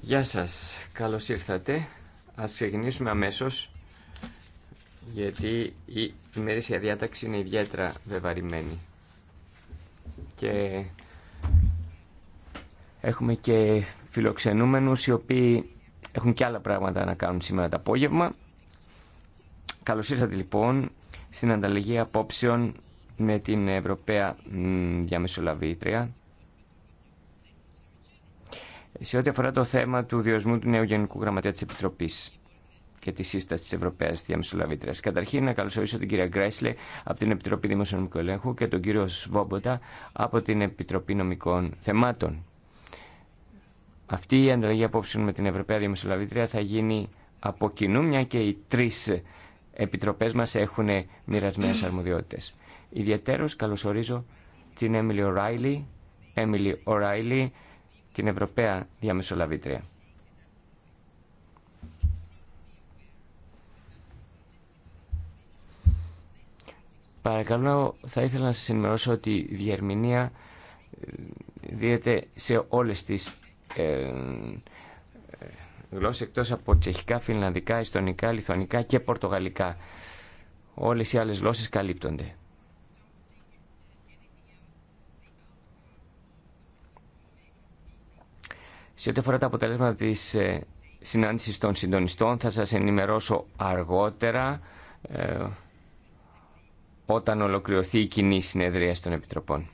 Γεια σας, καλώς ήρθατε. Ας ξεκινήσουμε αμέσως, γιατί η ημερήσια διάταξη είναι ιδιαίτερα βεβαρημένη. Και έχουμε και φιλοξενούμενους οι οποίοι έχουν και άλλα πράγματα να κάνουν σήμερα το απόγευμα. Καλώς ήρθατε λοιπόν στην ανταλλαγή απόψεων με την Ευρωπαία Διαμεσολαβήτρια σε ό,τι αφορά το θέμα του διορισμού του νέου Γενικού Γραμματέα τη Επιτροπή και τη σύσταση τη Ευρωπαία Διαμεσολαβήτρια. Καταρχήν, να καλωσορίσω την κυρία Γκρέσλε από την Επιτροπή Δημοσιονομικού Ελέγχου και τον κύριο Σβόμποτα από την Επιτροπή Νομικών Θεμάτων. Αυτή η ανταλλαγή απόψεων με την Ευρωπαία Διαμεσολαβήτρια θα γίνει από κοινού, μια και οι τρει επιτροπέ μα έχουν μοιρασμένε αρμοδιότητε. Ιδιαίτερω καλωσορίζω την Έμιλι O'Reilly, Έμιλι την Ευρωπαία διαμεσολαβήτρια. Παρακαλώ, θα ήθελα να σας ενημερώσω ότι η διερμηνία ε, δίδεται σε όλες τις ε, ε, γλώσσες εκτός από τσεχικά, φιλανδικά, ιστονικά, λιθουανικά και πορτογαλικά. Όλες οι άλλες γλώσσες καλύπτονται. Σε ό,τι αφορά τα αποτελέσματα της ε, συνάντησης των συντονιστών θα σας ενημερώσω αργότερα ε, όταν ολοκληρωθεί η κοινή συνεδρία των Επιτροπών.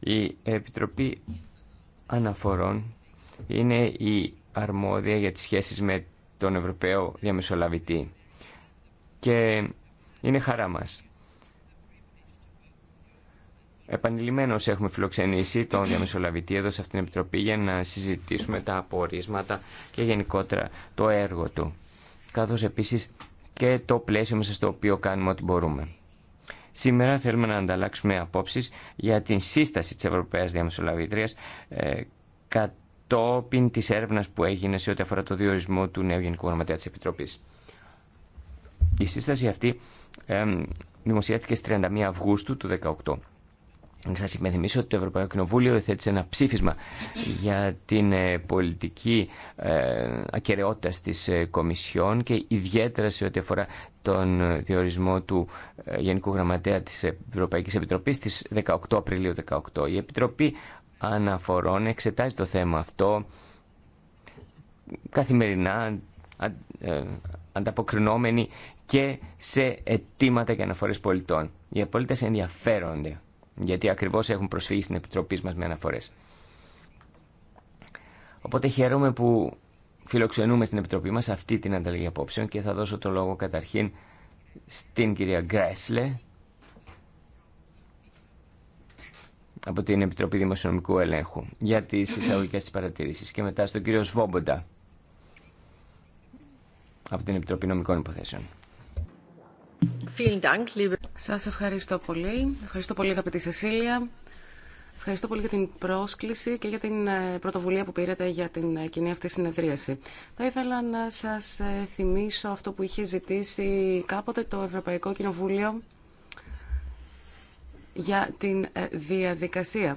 Η Επιτροπή Αναφορών είναι η αρμόδια για τις σχέσεις με τον Ευρωπαίο Διαμεσολαβητή και είναι χαρά μας Επανειλημμένως έχουμε φιλοξενήσει τον διαμεσολαβητή εδώ σε αυτήν την Επιτροπή για να συζητήσουμε τα απορίσματα και γενικότερα το έργο του, καθώς επίσης και το πλαίσιο μέσα στο οποίο κάνουμε ό,τι μπορούμε. Σήμερα θέλουμε να ανταλλάξουμε απόψεις για την σύσταση της Ευρωπαίας Διαμεσολαβήτριας ε, κατόπιν της έρευνας που έγινε σε ό,τι αφορά το διορισμό του νέου Γενικού Γραμματέα της Επιτροπής. Η σύσταση αυτή ε, δημοσιεύτηκε στις 31 Αυγούστου του 2018. Να σας υπενθυμίσω ότι το Ευρωπαϊκό Κοινοβούλιο θέτησε ένα ψήφισμα για την ε, πολιτική ε, ακαιρεότητα της ε, Κομισιόν και ιδιαίτερα σε ό,τι αφορά τον διορισμό του Γενικού Γραμματέα της Ευρωπαϊκής Επιτροπής στις 18 Απριλίου 18. Η Επιτροπή Αναφορών εξετάζει το θέμα αυτό καθημερινά ανταποκρινόμενοι και σε αιτήματα και αναφορές πολιτών. Οι πολίτες ενδιαφέρονται γιατί ακριβώς έχουν προσφύγει στην Επιτροπή μας με αναφορές. Οπότε χαίρομαι που φιλοξενούμε στην Επιτροπή μας αυτή την ανταλλαγή απόψεων και θα δώσω το λόγο καταρχήν στην κυρία Γκρέσλε από την Επιτροπή Δημοσιονομικού Ελέγχου για τις εισαγωγικές της παρατηρήσεις και μετά στον κύριο Σβόμποντα από την Επιτροπή Νομικών Υποθέσεων. Σας ευχαριστώ πολύ. Ευχαριστώ πολύ αγαπητή Σεσίλια. Ευχαριστώ πολύ για την πρόσκληση και για την ε, πρωτοβουλία που πήρατε για την ε, κοινή αυτή συνεδρίαση. Θα ήθελα να σας ε, θυμίσω αυτό που είχε ζητήσει κάποτε το Ευρωπαϊκό Κοινοβούλιο για την διαδικασία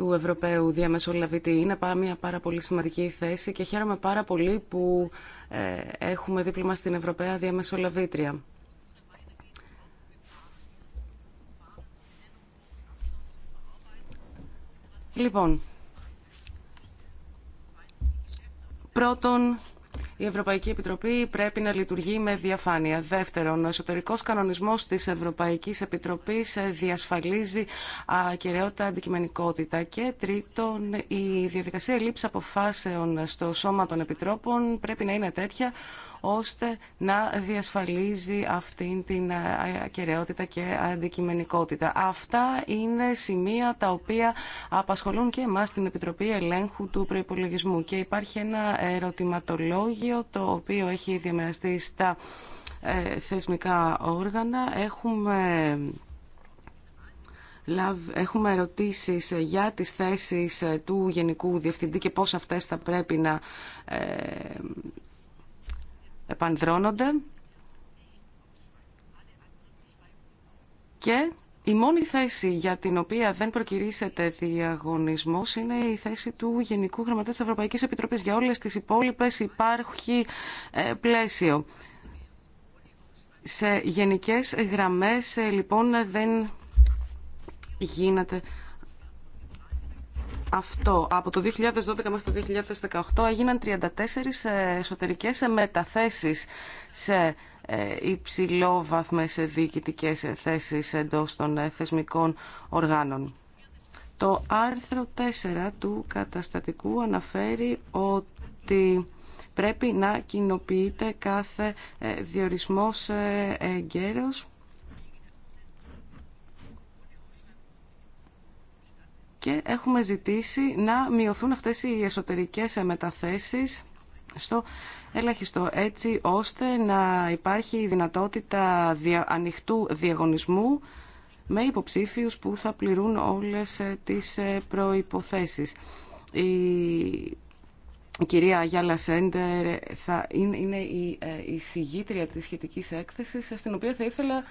του Ευρωπαίου Διαμεσολαβητή. Είναι μια πάρα πολύ σημαντική θέση και χαίρομαι πάρα πολύ που ε, έχουμε δίπλωμα στην Ευρωπαία Διαμεσολαβήτρια. Λοιπόν, πρώτον, η Ευρωπαϊκή Επιτροπή πρέπει να λειτουργεί με διαφάνεια. Δεύτερον, ο εσωτερικό κανονισμό τη Ευρωπαϊκή Επιτροπή διασφαλίζει ακεραιότητα αντικειμενικότητα. Και τρίτον, η διαδικασία λήψη αποφάσεων στο Σώμα των Επιτρόπων πρέπει να είναι τέτοια ώστε να διασφαλίζει αυτήν την ε, ακεραιότητα και αντικειμενικότητα. Αυτά είναι σημεία τα οποία απασχολούν και εμάς την Επιτροπή Ελέγχου του Προϋπολογισμού και υπάρχει ένα ερωτηματολόγιο το οποίο έχει διαμεραστεί στα ε, θεσμικά όργανα. Έχουμε Έχουμε ερωτήσεις για τις θέσεις ε, του Γενικού Διευθυντή και πώς αυτές θα πρέπει να επανδρώνονται και η μόνη θέση για την οποία δεν προκυρήσεται διαγωνισμό είναι η θέση του Γενικού Γραμματέα της Ευρωπαϊκή Επιτροπής. Για όλες τις υπόλοιπες υπάρχει ε, πλαίσιο. Σε γενικές γραμμές ε, λοιπόν δεν γίνεται αυτό. Από το 2012 μέχρι το 2018 έγιναν 34 ε, εσωτερικές ε, μεταθέσεις σε σε ε, διοικητικές θέσεις εντός των θεσμικών οργάνων. Το άρθρο 4 του καταστατικού αναφέρει ότι πρέπει να κοινοποιείται κάθε διορισμός εγκαίρος και έχουμε ζητήσει να μειωθούν αυτές οι εσωτερικές μεταθέσεις στο ελαχιστό έτσι ώστε να υπάρχει η δυνατότητα ανοιχτού διαγωνισμού με υποψήφιους που θα πληρούν όλες ε, τις ε, προϋποθέσεις. Η, κυρία Γιάλα Σέντερ ε, θα είναι, είναι η, η συγγήτρια της σχετικής έκθεσης στην οποία θα ήθελα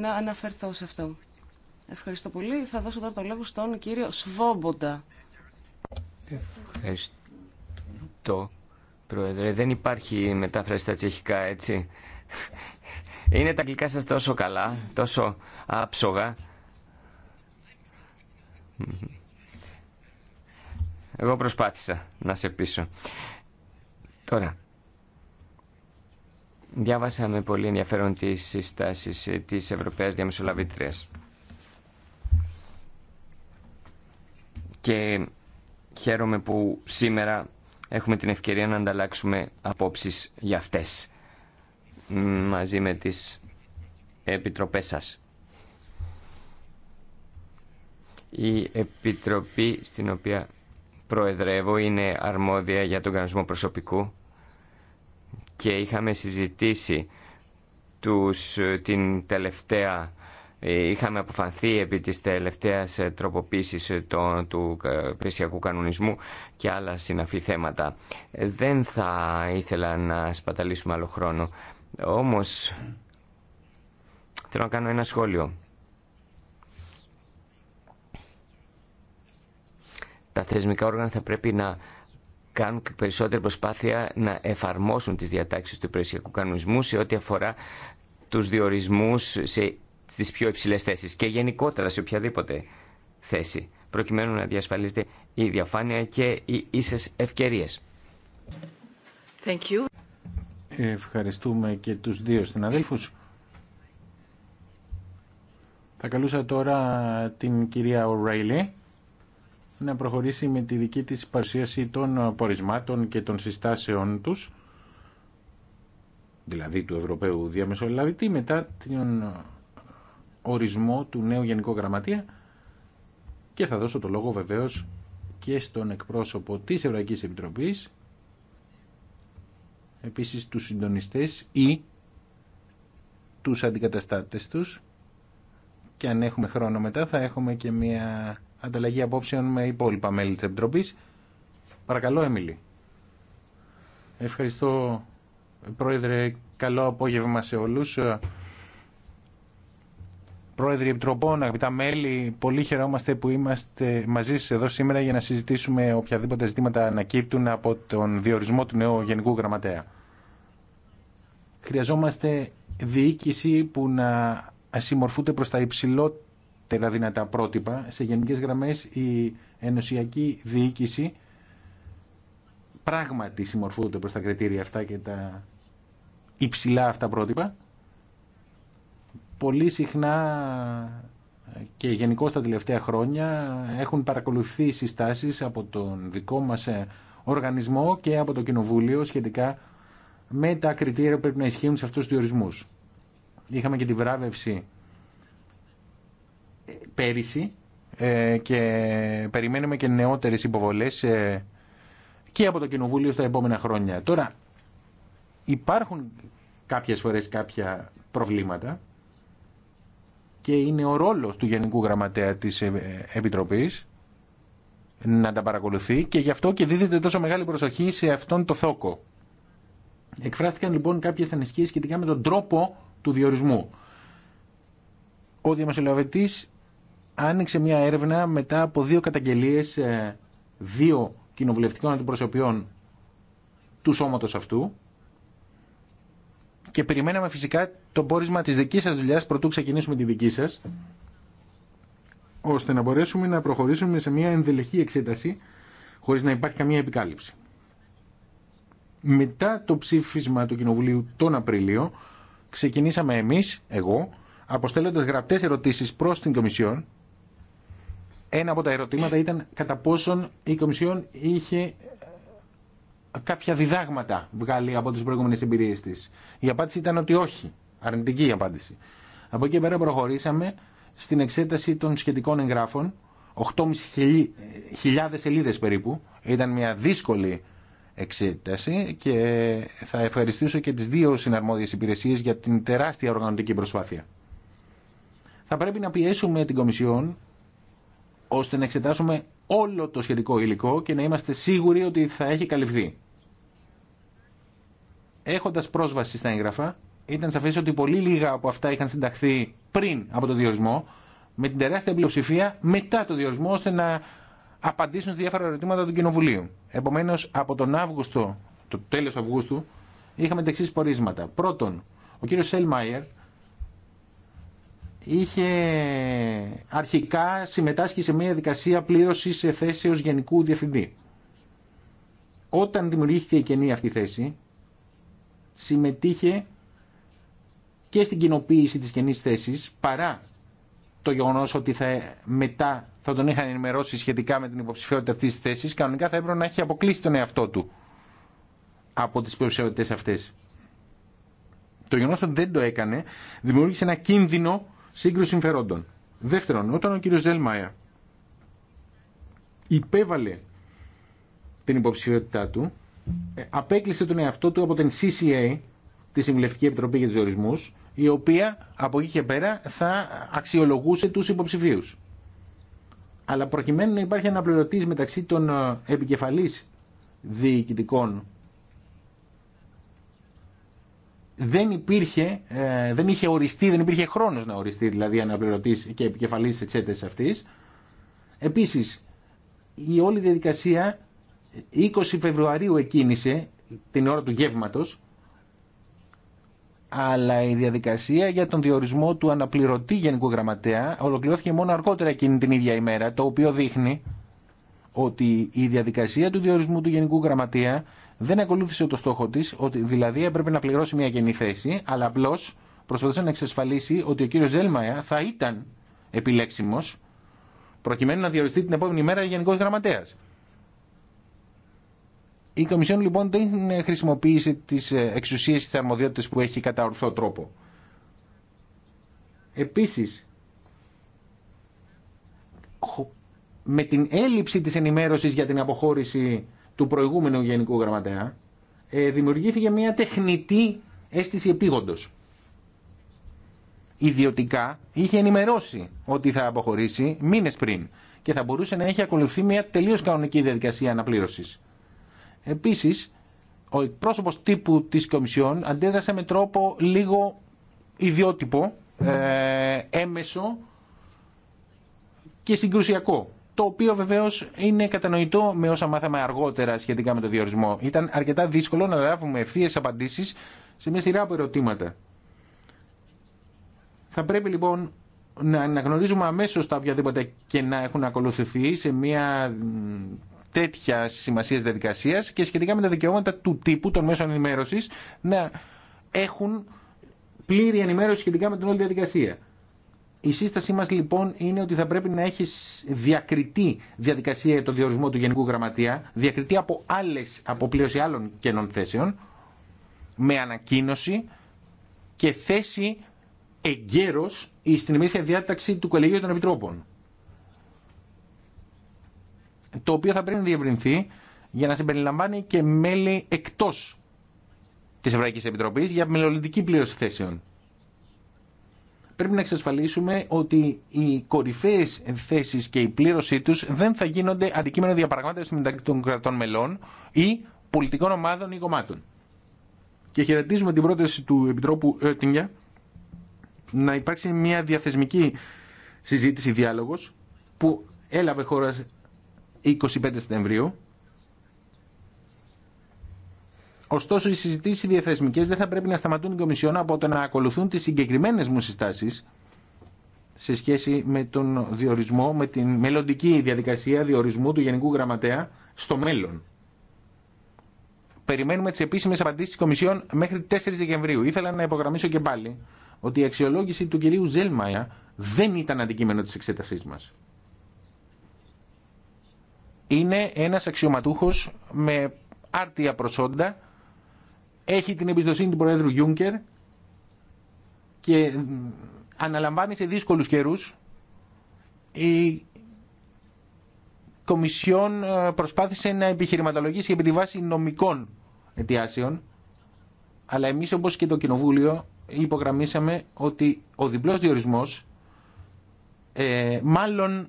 να αναφερθώ σε αυτό. Ευχαριστώ πολύ. Θα δώσω τώρα το λόγο στον κύριο Σβόμποντα. Ευχαριστώ, Πρόεδρε. Δεν υπάρχει μετάφραση στα τσεχικά, έτσι. Είναι τα αγγλικά σας τόσο καλά, τόσο άψογα. Εγώ προσπάθησα να σε πείσω. Τώρα, διάβασα με πολύ ενδιαφέρον τις συστάσεις της Ευρωπαίας Διαμεσολαβήτριας. και χαίρομαι που σήμερα έχουμε την ευκαιρία να ανταλλάξουμε απόψεις για αυτές μαζί με τις επιτροπές σας. Η επιτροπή στην οποία προεδρεύω είναι αρμόδια για τον κανονισμό προσωπικού και είχαμε συζητήσει τους, την τελευταία ε, είχαμε αποφανθεί επί της τελευταίας ε, τροποποίησης ε, του πλησιακού κανονισμού και άλλα συναφή θέματα. Δεν θα ήθελα να σπαταλήσουμε άλλο χρόνο. Όμως θέλω να κάνω ένα σχόλιο. Τα θεσμικά όργανα θα πρέπει να κάνουν περισσότερη προσπάθεια να εφαρμόσουν τις διατάξεις του υπηρεσιακού κανονισμού σε ό,τι αφορά τους διορισμούς σε Στι πιο υψηλέ θέσεις και γενικότερα σε οποιαδήποτε θέση, προκειμένου να διασφαλίζεται η διαφάνεια και οι ίσες ευκαιρίες. Ευχαριστούμε και τους δύο συναδέλφους. Θα καλούσα τώρα την κυρία Ορέιλι να προχωρήσει με τη δική της παρουσίαση των πορισμάτων και των συστάσεων τους, δηλαδή του Ευρωπαίου Διαμεσολαβητή, μετά την ορισμό του νέου Γενικού Γραμματεία και θα δώσω το λόγο βεβαίως και στον εκπρόσωπο της Ευρωπαϊκής Επιτροπής επίσης τους συντονιστές ή τους αντικαταστάτες τους και αν έχουμε χρόνο μετά θα έχουμε και μια ανταλλαγή απόψεων με υπόλοιπα μέλη της Επιτροπής. Παρακαλώ, Έμιλη. Ευχαριστώ, Πρόεδρε. Καλό απόγευμα σε όλους πρόεδροι επιτροπών, αγαπητά μέλη, πολύ χαιρόμαστε που είμαστε μαζί σας εδώ σήμερα για να συζητήσουμε οποιαδήποτε ζητήματα ανακύπτουν από τον διορισμό του νέου Γενικού Γραμματέα. Χρειαζόμαστε διοίκηση που να συμμορφούνται προς τα υψηλότερα δυνατά πρότυπα. Σε γενικές γραμμές η ενωσιακή διοίκηση πράγματι συμμορφούνται προς τα κριτήρια αυτά και τα υψηλά αυτά πρότυπα πολύ συχνά και γενικώ τα τελευταία χρόνια έχουν παρακολουθεί συστάσεις από τον δικό μας ε, οργανισμό και από το Κοινοβούλιο σχετικά με τα κριτήρια που πρέπει να ισχύουν σε αυτούς τους διορισμούς. Είχαμε και τη βράβευση ε, πέρυσι ε, και περιμένουμε και νεότερες υποβολές και από το Κοινοβούλιο στα επόμενα χρόνια. Τώρα υπάρχουν κάποιες φορές κάποια προβλήματα και είναι ο ρόλος του Γενικού Γραμματέα της ε, Επιτροπής να τα παρακολουθεί και γι' αυτό και δίδεται τόσο μεγάλη προσοχή σε αυτόν το θόκο. Εκφράστηκαν λοιπόν κάποιες ανησυχίες σχετικά με τον τρόπο του διορισμού. Ο διαμεσολαβητής άνοιξε μια έρευνα μετά από δύο καταγγελίες ε, δύο κοινοβουλευτικών αντιπροσωπιών του σώματο αυτού και περιμέναμε φυσικά το πόρισμα της δικής σας δουλειάς προτού ξεκινήσουμε τη δική σας ώστε να μπορέσουμε να προχωρήσουμε σε μια ενδελεχή εξέταση χωρίς να υπάρχει καμία επικάλυψη. Μετά το ψήφισμα του Κοινοβουλίου τον Απριλίο ξεκινήσαμε εμείς, εγώ, αποστέλλοντας γραπτές ερωτήσεις προς την Κομισιόν. Ένα από τα ερωτήματα ήταν κατά πόσον η Κομισιόν είχε κάποια διδάγματα βγάλει από τις προηγούμενες εμπειρίες της. Η απάντηση ήταν ότι όχι. Αρνητική η απάντηση. Από εκεί πέρα προχωρήσαμε στην εξέταση των σχετικών εγγράφων. 8.500 σελίδες περίπου. Ήταν μια δύσκολη εξέταση και θα ευχαριστήσω και τις δύο συναρμόδιες υπηρεσίες για την τεράστια οργανωτική προσπάθεια. Θα πρέπει να πιέσουμε την Κομισιόν ώστε να εξετάσουμε όλο το σχετικό υλικό και να είμαστε σίγουροι ότι θα έχει καλυφθεί. Έχοντα πρόσβαση στα έγγραφα, ήταν σαφέ ότι πολύ λίγα από αυτά είχαν συνταχθεί πριν από τον διορισμό, με την τεράστια πλειοψηφία μετά τον διορισμό, ώστε να απαντήσουν διάφορα ερωτήματα του Κοινοβουλίου. Επομένω, από τον Αύγουστο, το τέλο Αυγούστου, είχαμε τα εξή πορίσματα. Πρώτον, ο κύριο Σέλμαϊερ είχε αρχικά συμμετάσχει σε μια δικασία πλήρωση σε ω Γενικού Διευθυντή. Όταν δημιουργήθηκε η κενή αυτή θέση, συμμετείχε και στην κοινοποίηση της καινής θέσης παρά το γεγονό ότι θα, μετά θα τον είχαν ενημερώσει σχετικά με την υποψηφιότητα αυτή τη θέση, κανονικά θα έπρεπε να έχει αποκλείσει τον εαυτό του από τι υποψηφιότητε αυτέ. Το γεγονό ότι δεν το έκανε δημιούργησε ένα κίνδυνο σύγκρουση συμφερόντων. Δεύτερον, όταν ο κ. Ζέλμαια υπέβαλε την υποψηφιότητά του, ε, απέκλεισε τον εαυτό του από την CCA, τη Συμβουλευτική Επιτροπή για του Διορισμού, η οποία από εκεί και πέρα θα αξιολογούσε τους υποψηφίους. Αλλά προκειμένου να υπάρχει αναπληρωτής μεταξύ των ε, επικεφαλής διοικητικών δεν υπήρχε, ε, δεν είχε οριστεί, δεν υπήρχε χρόνος να οριστεί δηλαδή αναπληρωτής και επικεφαλής εξέτασης αυτής. Επίσης, η όλη διαδικασία 20 Φεβρουαρίου εκίνησε την ώρα του γεύματος αλλά η διαδικασία για τον διορισμό του αναπληρωτή Γενικού Γραμματέα ολοκληρώθηκε μόνο αργότερα εκείνη την ίδια ημέρα, το οποίο δείχνει ότι η διαδικασία του διορισμού του Γενικού Γραμματέα δεν ακολούθησε το στόχο τη, ότι δηλαδή έπρεπε να πληρώσει μια γενή θέση, αλλά απλώ προσπαθούσε να εξασφαλίσει ότι ο κύριο Ζέλμαια θα ήταν επιλέξιμο προκειμένου να διοριστεί την επόμενη μέρα Γενικό Γραμματέα. Η Κομισιόν λοιπόν δεν χρησιμοποίησε τις ε, εξουσίες της αρμοδιότητες που έχει κατά ορθό τρόπο. Επίσης, με την έλλειψη της ενημέρωσης για την αποχώρηση του προηγούμενου Γενικού Γραμματέα, ε, δημιουργήθηκε μια τεχνητή αίσθηση επίγοντος. Ιδιωτικά είχε ενημερώσει ότι θα αποχωρήσει μήνε πριν και θα μπορούσε να έχει ακολουθεί μια τελείως κανονική διαδικασία αναπλήρωσης. Επίση, ο πρόσωπος τύπου της Κομισιόν αντέδρασε με τρόπο λίγο ιδιότυπο, ε, έμεσο και συγκρουσιακό. Το οποίο βεβαίω είναι κατανοητό με όσα μάθαμε αργότερα σχετικά με το διορισμό. Ήταν αρκετά δύσκολο να λάβουμε ευθείε απαντήσει σε μια σειρά από ερωτήματα. Θα πρέπει λοιπόν να αναγνωρίζουμε αμέσω τα οποιαδήποτε και να έχουν ακολουθηθεί σε μια τέτοια σημασία διαδικασία και σχετικά με τα δικαιώματα του τύπου των μέσων ενημέρωση να έχουν πλήρη ενημέρωση σχετικά με την όλη διαδικασία. Η σύστασή μα λοιπόν είναι ότι θα πρέπει να έχει διακριτή διαδικασία για το διορισμό του Γενικού Γραμματεία, διακριτή από άλλε αποπλήρωση άλλων κενών θέσεων, με ανακοίνωση και θέση εγκαίρω στην ημερήσια διάταξη του Κολεγίου των Επιτρόπων το οποίο θα πρέπει να διευρυνθεί για να συμπεριλαμβάνει και μέλη εκτό τη Ευρωπαϊκή Επιτροπή για μελλοντική πλήρωση θέσεων. Πρέπει να εξασφαλίσουμε ότι οι κορυφαίε θέσει και η πλήρωσή του δεν θα γίνονται αντικείμενο διαπραγμάτευση μεταξύ των κρατών μελών ή πολιτικών ομάδων ή κομμάτων. Και χαιρετίζουμε την πρόταση του Επιτρόπου Ότινγκα να υπάρξει μια διαθεσμική συζήτηση, διάλογο, που έλαβε χώρα 25 Σεπτεμβρίου. Ωστόσο, οι συζητήσει διαθεσμικέ δεν θα πρέπει να σταματούν την Κομισιόν από το να ακολουθούν τι συγκεκριμένε μου συστάσει σε σχέση με τον διορισμό, με την μελλοντική διαδικασία διορισμού του Γενικού Γραμματέα στο μέλλον. Περιμένουμε τι επίσημε απαντήσει τη Κομισιόν μέχρι 4 Δεκεμβρίου. Ήθελα να υπογραμμίσω και πάλι ότι η αξιολόγηση του κυρίου Ζέλμαια δεν ήταν αντικείμενο τη εξέτασή μα είναι ένας αξιωματούχος με άρτια προσόντα, έχει την εμπιστοσύνη του Προέδρου Γιούνκερ και αναλαμβάνει σε δύσκολους καιρούς η Κομισιόν ε, προσπάθησε να επιχειρηματολογήσει επί τη βάση νομικών αιτιάσεων αλλά εμείς όπως και το Κοινοβούλιο υπογραμμίσαμε ότι ο διπλός διορισμός ε, μάλλον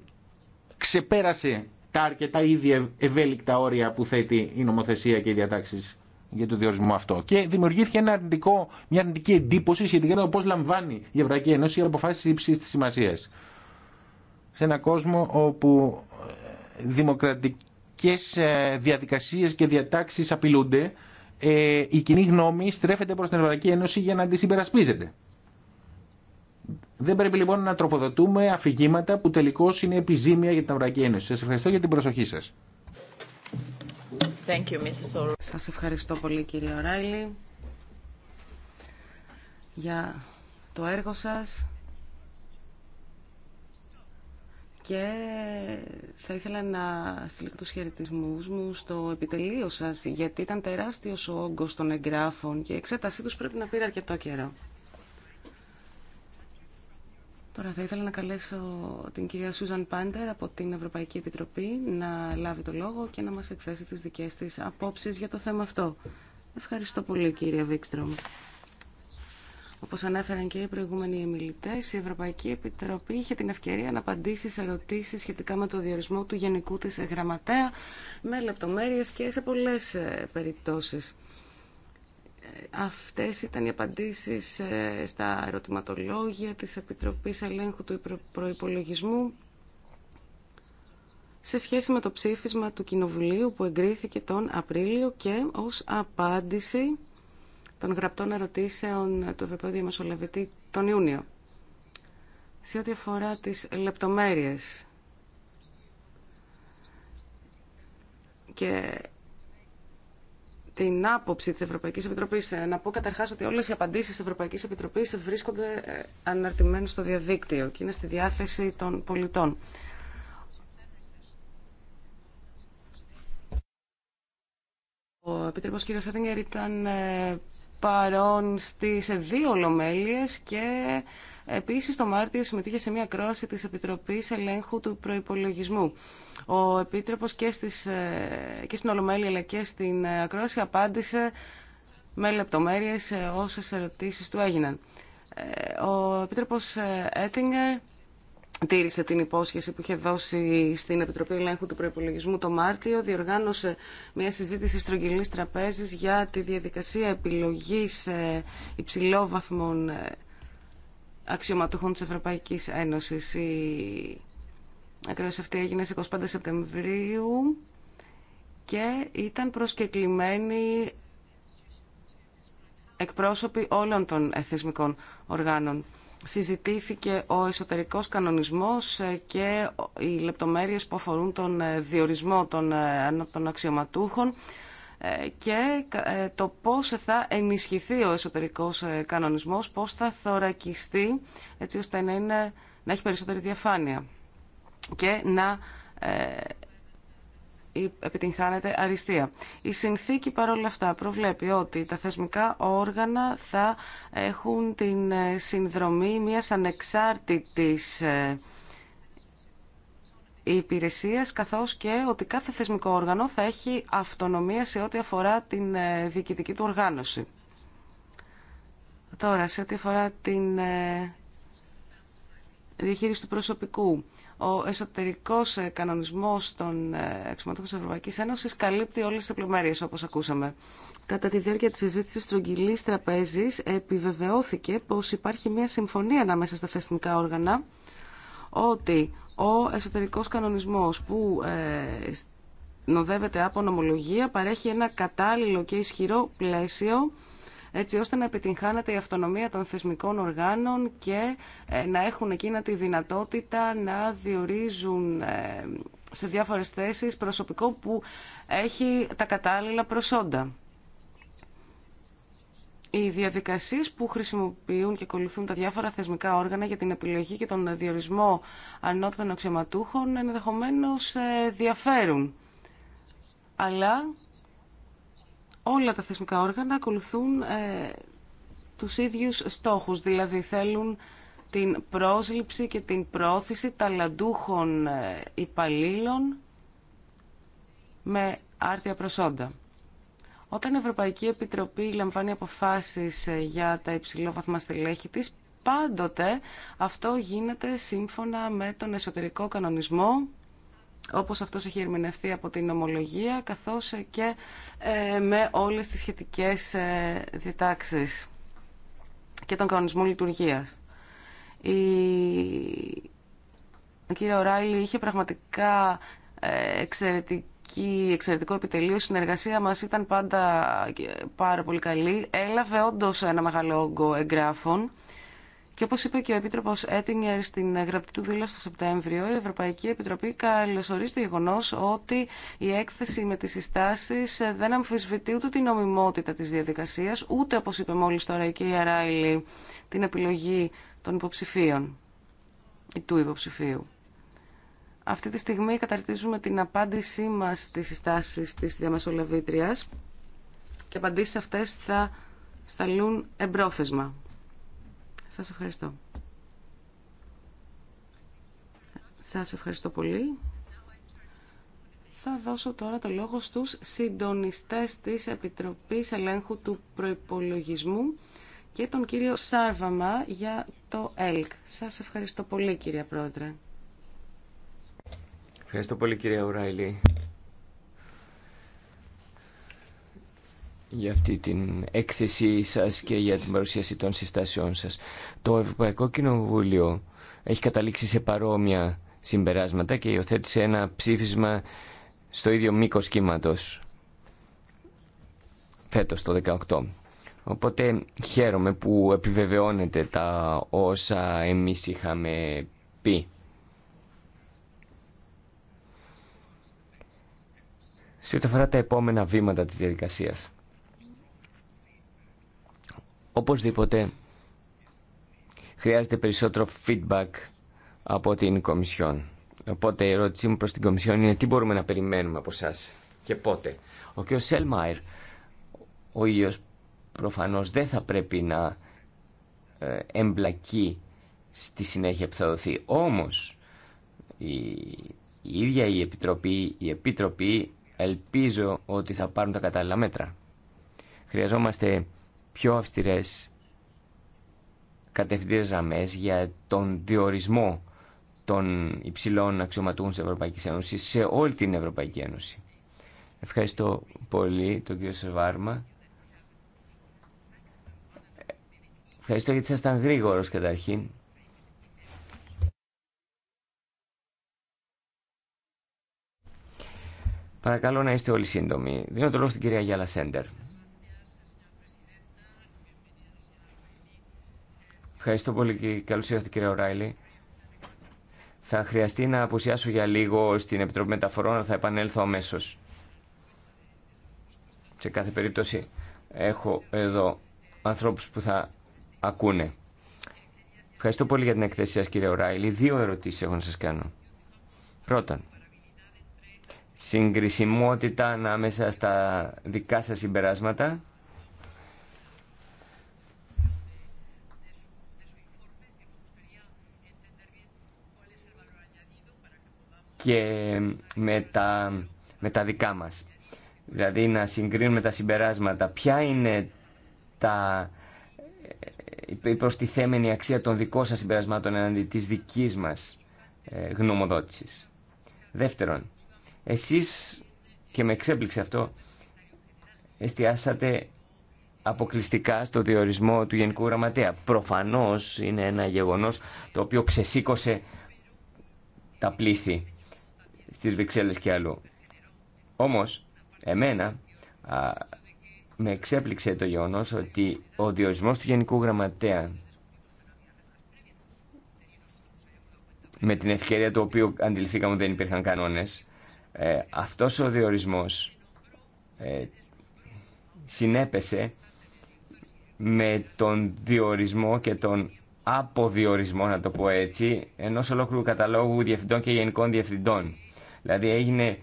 ξεπέρασε τα αρκετά ίδια ευέλικτα όρια που θέτει η νομοθεσία και οι διατάξεις για το διορισμό αυτό. Και δημιουργήθηκε ένα αρνητικό, μια αρνητική εντύπωση σχετικά με το πώ λαμβάνει η Ευρωπαϊκή Ένωση αποφάσει ύψη τη σημασία. Σε έναν κόσμο όπου ε, δημοκρατικέ ε, διαδικασίε και διατάξει απειλούνται, ε, η κοινή γνώμη στρέφεται προ την Ευρωπαϊκή Ένωση για να τη συμπερασπίζεται. Δεν πρέπει λοιπόν να τροφοδοτούμε αφηγήματα που τελικώ είναι επιζήμια για την Ευρωπαϊκή Ένωση. Σας ευχαριστώ για την προσοχή σας. Σα Σας ευχαριστώ πολύ κύριε Ράιλι για το έργο σας και θα ήθελα να στείλω τους χαιρετισμούς μου στο επιτελείο σας γιατί ήταν τεράστιος ο όγκος των εγγράφων και η εξέτασή τους πρέπει να πήρε αρκετό καιρό. Τώρα θα ήθελα να καλέσω την κυρία Σούζαν Πάντερ από την Ευρωπαϊκή Επιτροπή να λάβει το λόγο και να μας εκθέσει τις δικές της απόψεις για το θέμα αυτό. Ευχαριστώ πολύ κυρία Βίξτρομ. Όπως ανέφεραν και οι προηγούμενοι εμιλητές, η Ευρωπαϊκή Επιτροπή είχε την ευκαιρία να απαντήσει σε ερωτήσεις σχετικά με το διορισμό του Γενικού της Γραμματέα με λεπτομέρειες και σε πολλές ε, περιπτώσεις. Αυτές ήταν οι απαντήσεις ε, στα ερωτηματολόγια της Επιτροπής Ελέγχου του Προϋπολογισμού σε σχέση με το ψήφισμα του Κοινοβουλίου που εγκρίθηκε τον Απρίλιο και ως απάντηση των γραπτών ερωτήσεων του Ευρωπαϊκού Διαμεσολαβητή τον Ιούνιο. Σε ό,τι αφορά τις λεπτομέρειες και την άποψη της Ευρωπαϊκής Επιτροπής. Ε, να πω καταρχάς ότι όλες οι απαντήσεις της Ευρωπαϊκής Επιτροπής βρίσκονται ε, αναρτημένες στο διαδίκτυο και είναι στη διάθεση των πολιτών. Ο Επίτροπος κ. Σέντιγκερ ήταν ε, παρόν στις δύο ολομέλειες και Επίσης, το Μάρτιο συμμετείχε σε μια κρόαση της Επιτροπής Ελέγχου του Προϋπολογισμού. Ο Επίτροπος και, ε, και στην Ολομέλεια αλλά και στην ε, Ακρόαση απάντησε με λεπτομέρειες σε όσες ερωτήσεις του έγιναν. Ε, ο Επίτροπος Έτιγκερ τήρησε την υπόσχεση που είχε δώσει στην Επιτροπή Ελέγχου του Προπολογισμού το Μάρτιο, διοργάνωσε μια συζήτηση στρογγυλής τραπέζης για τη διαδικασία επιλογής υψηλόβαθμων αξιωματούχων της Ευρωπαϊκής Ένωσης. Η αυτή έγινε σε 25 Σεπτεμβρίου και ήταν προσκεκλημένοι εκπρόσωποι όλων των θεσμικών οργάνων. Συζητήθηκε ο εσωτερικός κανονισμός και οι λεπτομέρειες που αφορούν τον διορισμό των αξιωματούχων, ε, και ε, το πώς θα ενισχυθεί ο εσωτερικός ε, κανονισμός, πώς θα θωρακιστεί έτσι ώστε να, είναι, να έχει περισσότερη διαφάνεια και να επιτυγχάνεται αριστεία. Η συνθήκη παρόλα αυτά προβλέπει ότι τα θεσμικά όργανα θα έχουν την συνδρομή μιας ανεξάρτητης υπηρεσίες καθώς και ότι κάθε θεσμικό όργανο θα έχει αυτονομία σε ό,τι αφορά την ε, διοικητική του οργάνωση. Τώρα, σε ό,τι αφορά την ε, διαχείριση του προσωπικού, ο εσωτερικός ε, κανονισμός των εξωματών της Ευρωπαϊκής Ένωσης καλύπτει όλες τις επιλημέρειες, όπως ακούσαμε. Κατά τη διάρκεια της συζήτησης στρογγυλή τραπέζη, επιβεβαιώθηκε πω υπάρχει μια συμφωνία ανάμεσα στα θεσμικά όργανα, ότι ο εσωτερικός κανονισμός που ε, νοδεύεται από νομολογία παρέχει ένα κατάλληλο και ισχυρό πλαίσιο έτσι ώστε να επιτυγχάνεται η αυτονομία των θεσμικών οργάνων και ε, να έχουν εκείνα τη δυνατότητα να διορίζουν ε, σε διάφορες θέσεις προσωπικό που έχει τα κατάλληλα προσόντα. Οι διαδικασίες που χρησιμοποιούν και ακολουθούν τα διάφορα θεσμικά όργανα για την επιλογή και τον διορισμό ανώτατων αξιωματούχων ενδεχομένως ε, διαφέρουν. Αλλά όλα τα θεσμικά όργανα ακολουθούν ε, τους ίδιους στόχους, δηλαδή θέλουν την πρόσληψη και την πρόθεση ταλαντούχων ε, υπαλλήλων με άρτια προσόντα. Όταν η Ευρωπαϊκή Επιτροπή λαμβάνει αποφάσεις ε, για τα υψηλόβαθμα στελέχη της, πάντοτε αυτό γίνεται σύμφωνα με τον εσωτερικό κανονισμό όπως αυτός έχει ερμηνευθεί από την ομολογία, καθώς και ε, με όλες τις σχετικές ε, διτάξεις και τον κανονισμό λειτουργίας. Η, κυρία Ράιλι είχε πραγματικά εξαιρετική η εξαιρετικό επιτελείο. Η συνεργασία μα ήταν πάντα πάρα πολύ καλή. Έλαβε όντω ένα μεγάλο όγκο εγγράφων. Και όπω είπε και ο επίτροπο Έτινγκερ στην γραπτή του δήλωση το Σεπτέμβριο, η Ευρωπαϊκή Επιτροπή καλωσορίζει το γεγονό ότι η έκθεση με τι συστάσει δεν αμφισβητεί ούτε την νομιμότητα τη διαδικασία, ούτε όπω είπε μόλι τώρα η κυρία Ράιλι, την επιλογή των υποψηφίων ή του υποψηφίου. Αυτή τη στιγμή καταρτίζουμε την απάντησή μας στις συστάσεις της διαμεσολαβήτριας και απαντήσεις αυτές θα σταλούν εμπρόθεσμα. Σας ευχαριστώ. Σας ευχαριστώ πολύ. Θα δώσω τώρα το λόγο στους συντονιστές της Επιτροπής Ελέγχου του Προϋπολογισμού και τον κύριο Σάρβαμα για το ΕΛΚ. Σας ευχαριστώ πολύ κύριε Πρόεδρε. Ευχαριστώ πολύ κυρία Ουράιλη για αυτή την έκθεσή σας και για την παρουσίαση των συστάσεών σας. Το Ευρωπαϊκό Κοινοβούλιο έχει καταλήξει σε παρόμοια συμπεράσματα και υιοθέτησε ένα ψήφισμα στο ίδιο μηκο κύματο φέτος το 18. Οπότε χαίρομαι που επιβεβαιώνεται τα όσα εμείς είχαμε πει. σε ό,τι αφορά τα επόμενα βήματα της διαδικασίας. Οπωσδήποτε χρειάζεται περισσότερο feedback από την Κομισιόν. Οπότε η ερώτησή μου προς την Κομισιόν είναι τι μπορούμε να περιμένουμε από εσά και πότε. Ο κ. Σέλμαιρ, ο ίδιος προφανώς δεν θα πρέπει να ε, εμπλακεί στη συνέχεια που θα δοθεί. Όμως η, η ίδια η Επιτροπή, η Επιτροπή ελπίζω ότι θα πάρουν τα κατάλληλα μέτρα. Χρειαζόμαστε πιο αυστηρές κατευθύνες γραμμέ για τον διορισμό των υψηλών αξιωματούχων της Ευρωπαϊκής Ένωση σε όλη την Ευρωπαϊκή Ένωση. Ευχαριστώ πολύ τον κύριο Σεβάρμα. Ευχαριστώ γιατί ήσασταν γρήγορος καταρχήν. Παρακαλώ να είστε όλοι σύντομοι. Δίνω το λόγο στην κυρία Γιάλα Σέντερ. Ευχαριστώ πολύ και καλώς ήρθατε κύριε Οράιλη. Θα χρειαστεί να αποσιάσω για λίγο στην Επιτροπή Μεταφορών, αλλά θα επανέλθω αμέσω. Σε κάθε περίπτωση έχω εδώ ανθρώπους που θα ακούνε. Ευχαριστώ πολύ για την εκθέση σας κύριε Οράιλη. Δύο ερωτήσεις έχω να σας κάνω. Πρώτον, συγκρισιμότητα ανάμεσα στα δικά σας συμπεράσματα και με τα, με τα δικά μας. Δηλαδή να συγκρίνουμε τα συμπεράσματα. Ποια είναι τα, ε, η προστιθέμενη αξία των δικών σας συμπερασμάτων εναντί της δικής μας ε, γνωμοδότησης. Δεύτερον, εσείς, και με εξέπληξε αυτό, εστιάσατε αποκλειστικά στο διορισμό του Γενικού Γραμματέα. Προφανώς είναι ένα γεγονός το οποίο ξεσήκωσε τα πλήθη στις Βρυξέλλες και αλλού. Όμως, εμένα με εξέπληξε το γεγονός ότι ο διορισμός του Γενικού Γραμματέα με την ευκαιρία του οποίου αντιληφθήκαμε δεν υπήρχαν κανόνες ε, αυτός ο διορισμός ε, συνέπεσε με τον διορισμό και τον αποδιορισμό, να το πω έτσι, ενός ολόκληρου καταλόγου διευθυντών και γενικών διευθυντών. Δηλαδή έγινε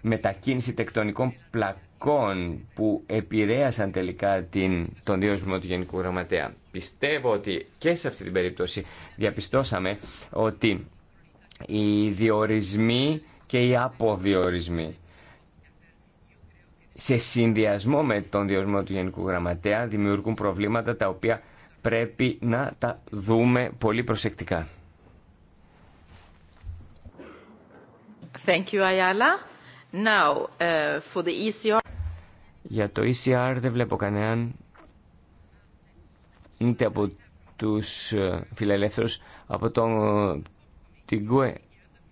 μετακίνηση τεκτονικών πλακών που επηρέασαν τελικά την, τον διορισμό του Γενικού Γραμματέα. Πιστεύω ότι και σε αυτή την περίπτωση διαπιστώσαμε ότι οι διορισμοί και οι αποδιορισμοί. Σε συνδυασμό με τον διορισμό του Γενικού Γραμματέα δημιουργούν προβλήματα τα οποία πρέπει να τα δούμε πολύ προσεκτικά. Thank you, Ayala. Now, uh, for the ECR... Για το ECR δεν βλέπω κανέναν είτε από τους ε, φιλελεύθερους από τον, την ΚΟΕ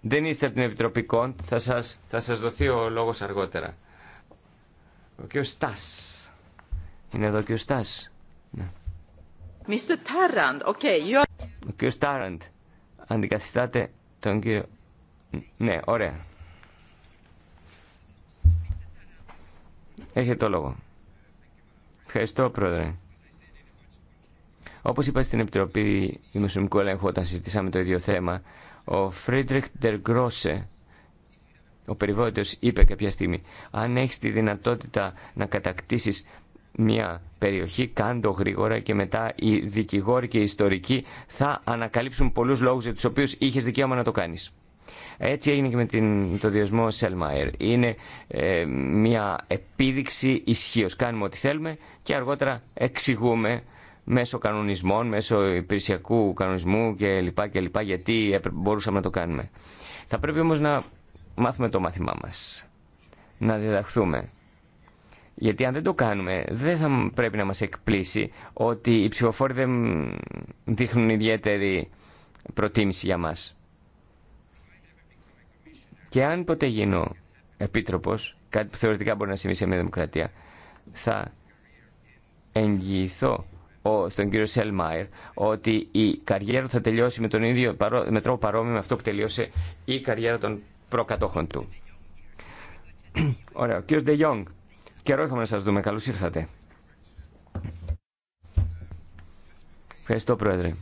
δεν είστε από την Επιτροπή Κοντ, θα σας, θα σας δοθεί ο λόγος αργότερα. Ο κ. Στάς. Είναι εδώ ο κ. Στάς. Ναι. Mr. Tarrant, okay, you Ο κ. Τάραντ αντικαθιστάτε τον κύριο... Ναι, ωραία. Έχετε το λόγο. Ευχαριστώ, Πρόεδρε. Όπως είπα στην Επιτροπή Δημοσιονομικού Ελέγχου, όταν συζητήσαμε το ίδιο θέμα, ο Φρίντριχ Ντεργκρόσε, ο περιβόητος, είπε κάποια στιγμή «Αν έχεις τη δυνατότητα να κατακτήσεις μια περιοχή, κάντο γρήγορα και μετά οι δικηγόροι και οι ιστορικοί θα ανακαλύψουν πολλούς λόγους για τους οποίους είχες δικαίωμα να το κάνεις». Έτσι έγινε και με, την, το διοσμό Σελμαέρ. Είναι ε, μια επίδειξη ισχύω. Κάνουμε ό,τι θέλουμε και αργότερα εξηγούμε μέσω κανονισμών, μέσω υπηρεσιακού κανονισμού και και λοιπά, γιατί μπορούσαμε να το κάνουμε. Θα πρέπει όμως να μάθουμε το μάθημά μας, να διδαχθούμε. Γιατί αν δεν το κάνουμε, δεν θα πρέπει να μας εκπλήσει ότι οι ψηφοφόροι δεν δείχνουν ιδιαίτερη προτίμηση για μας. Και αν ποτέ γίνω επίτροπος, κάτι που θεωρητικά μπορεί να συμβεί σε μια δημοκρατία, θα εγγυηθώ στον κύριο Σελμάιρ ότι η καριέρα θα τελειώσει με τον ίδιο με τρόπο παρόμοιο με αυτό που τελείωσε η καριέρα των προκατόχων του. Ωραία. Ο κύριος Ντε καιρό είχαμε να σας δούμε. Καλώ ήρθατε. Ευχαριστώ, Πρόεδρε.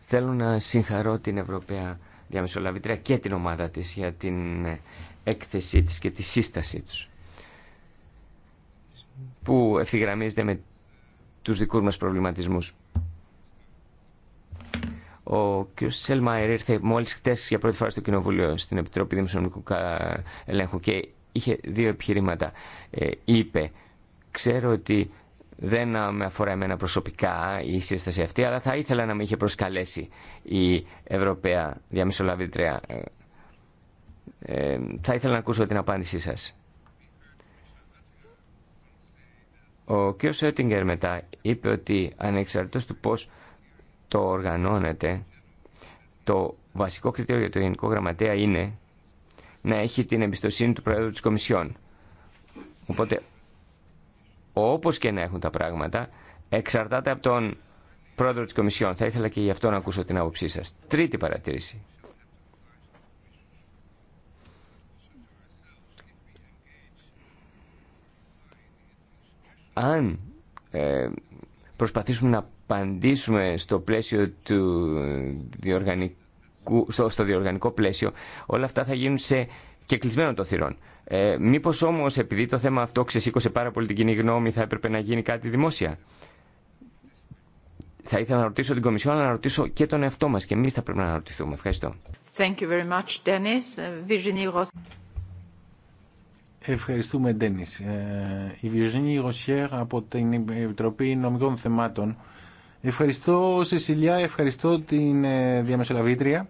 Θέλω να συγχαρώ την Ευρωπαία Διαμεσολαβητρία και την ομάδα της για την ε, έκθεσή της και τη σύστασή τους που ευθυγραμμίζεται με τους δικούς μας προβληματισμούς. Ο κ. Σέλμαερ ήρθε μόλις χτες για πρώτη φορά στο Κοινοβούλιο στην Επιτροπή Δημοσιονομικού Ελέγχου και είχε δύο επιχειρήματα. Ε, είπε, ξέρω ότι δεν με αφορά εμένα προσωπικά η σύσταση αυτή, αλλά θα ήθελα να με είχε προσκαλέσει η Ευρωπαία Διαμεσολαβήτρια. Ε, ε, θα ήθελα να ακούσω την απάντησή σας. Ο κ. Σέτιγκερ μετά είπε ότι ανεξαρτήτως του πώς το οργανώνεται, το βασικό κριτήριο για το Γενικό Γραμματέα είναι να έχει την εμπιστοσύνη του Προέδρου της Κομισιόν. Οπότε, όπως και να έχουν τα πράγματα, εξαρτάται από τον Πρόεδρο της Κομισιόν. Θα ήθελα και γι' αυτό να ακούσω την άποψή σας. Τρίτη παρατήρηση. αν ε, προσπαθήσουμε να απαντήσουμε στο πλαίσιο του διοργανικού, στο, στο διοργανικό πλαίσιο, όλα αυτά θα γίνουν σε και κλεισμένο το θυρών. Ε, Μήπω όμω, επειδή το θέμα αυτό ξεσήκωσε πάρα πολύ την κοινή γνώμη, θα έπρεπε να γίνει κάτι δημόσια. Θα ήθελα να ρωτήσω την Κομισιόν, να ρωτήσω και τον εαυτό μα. Και εμεί θα πρέπει να αναρωτηθούμε. Ευχαριστώ. Thank you very much, Dennis. Ευχαριστούμε, Ντένις. Ε, η Βιωζίνη Γοσιέρ από την Επιτροπή Νομικών Θεμάτων. Ευχαριστώ, Σεσιλιά, ευχαριστώ την ε, διαμεσολαβήτρια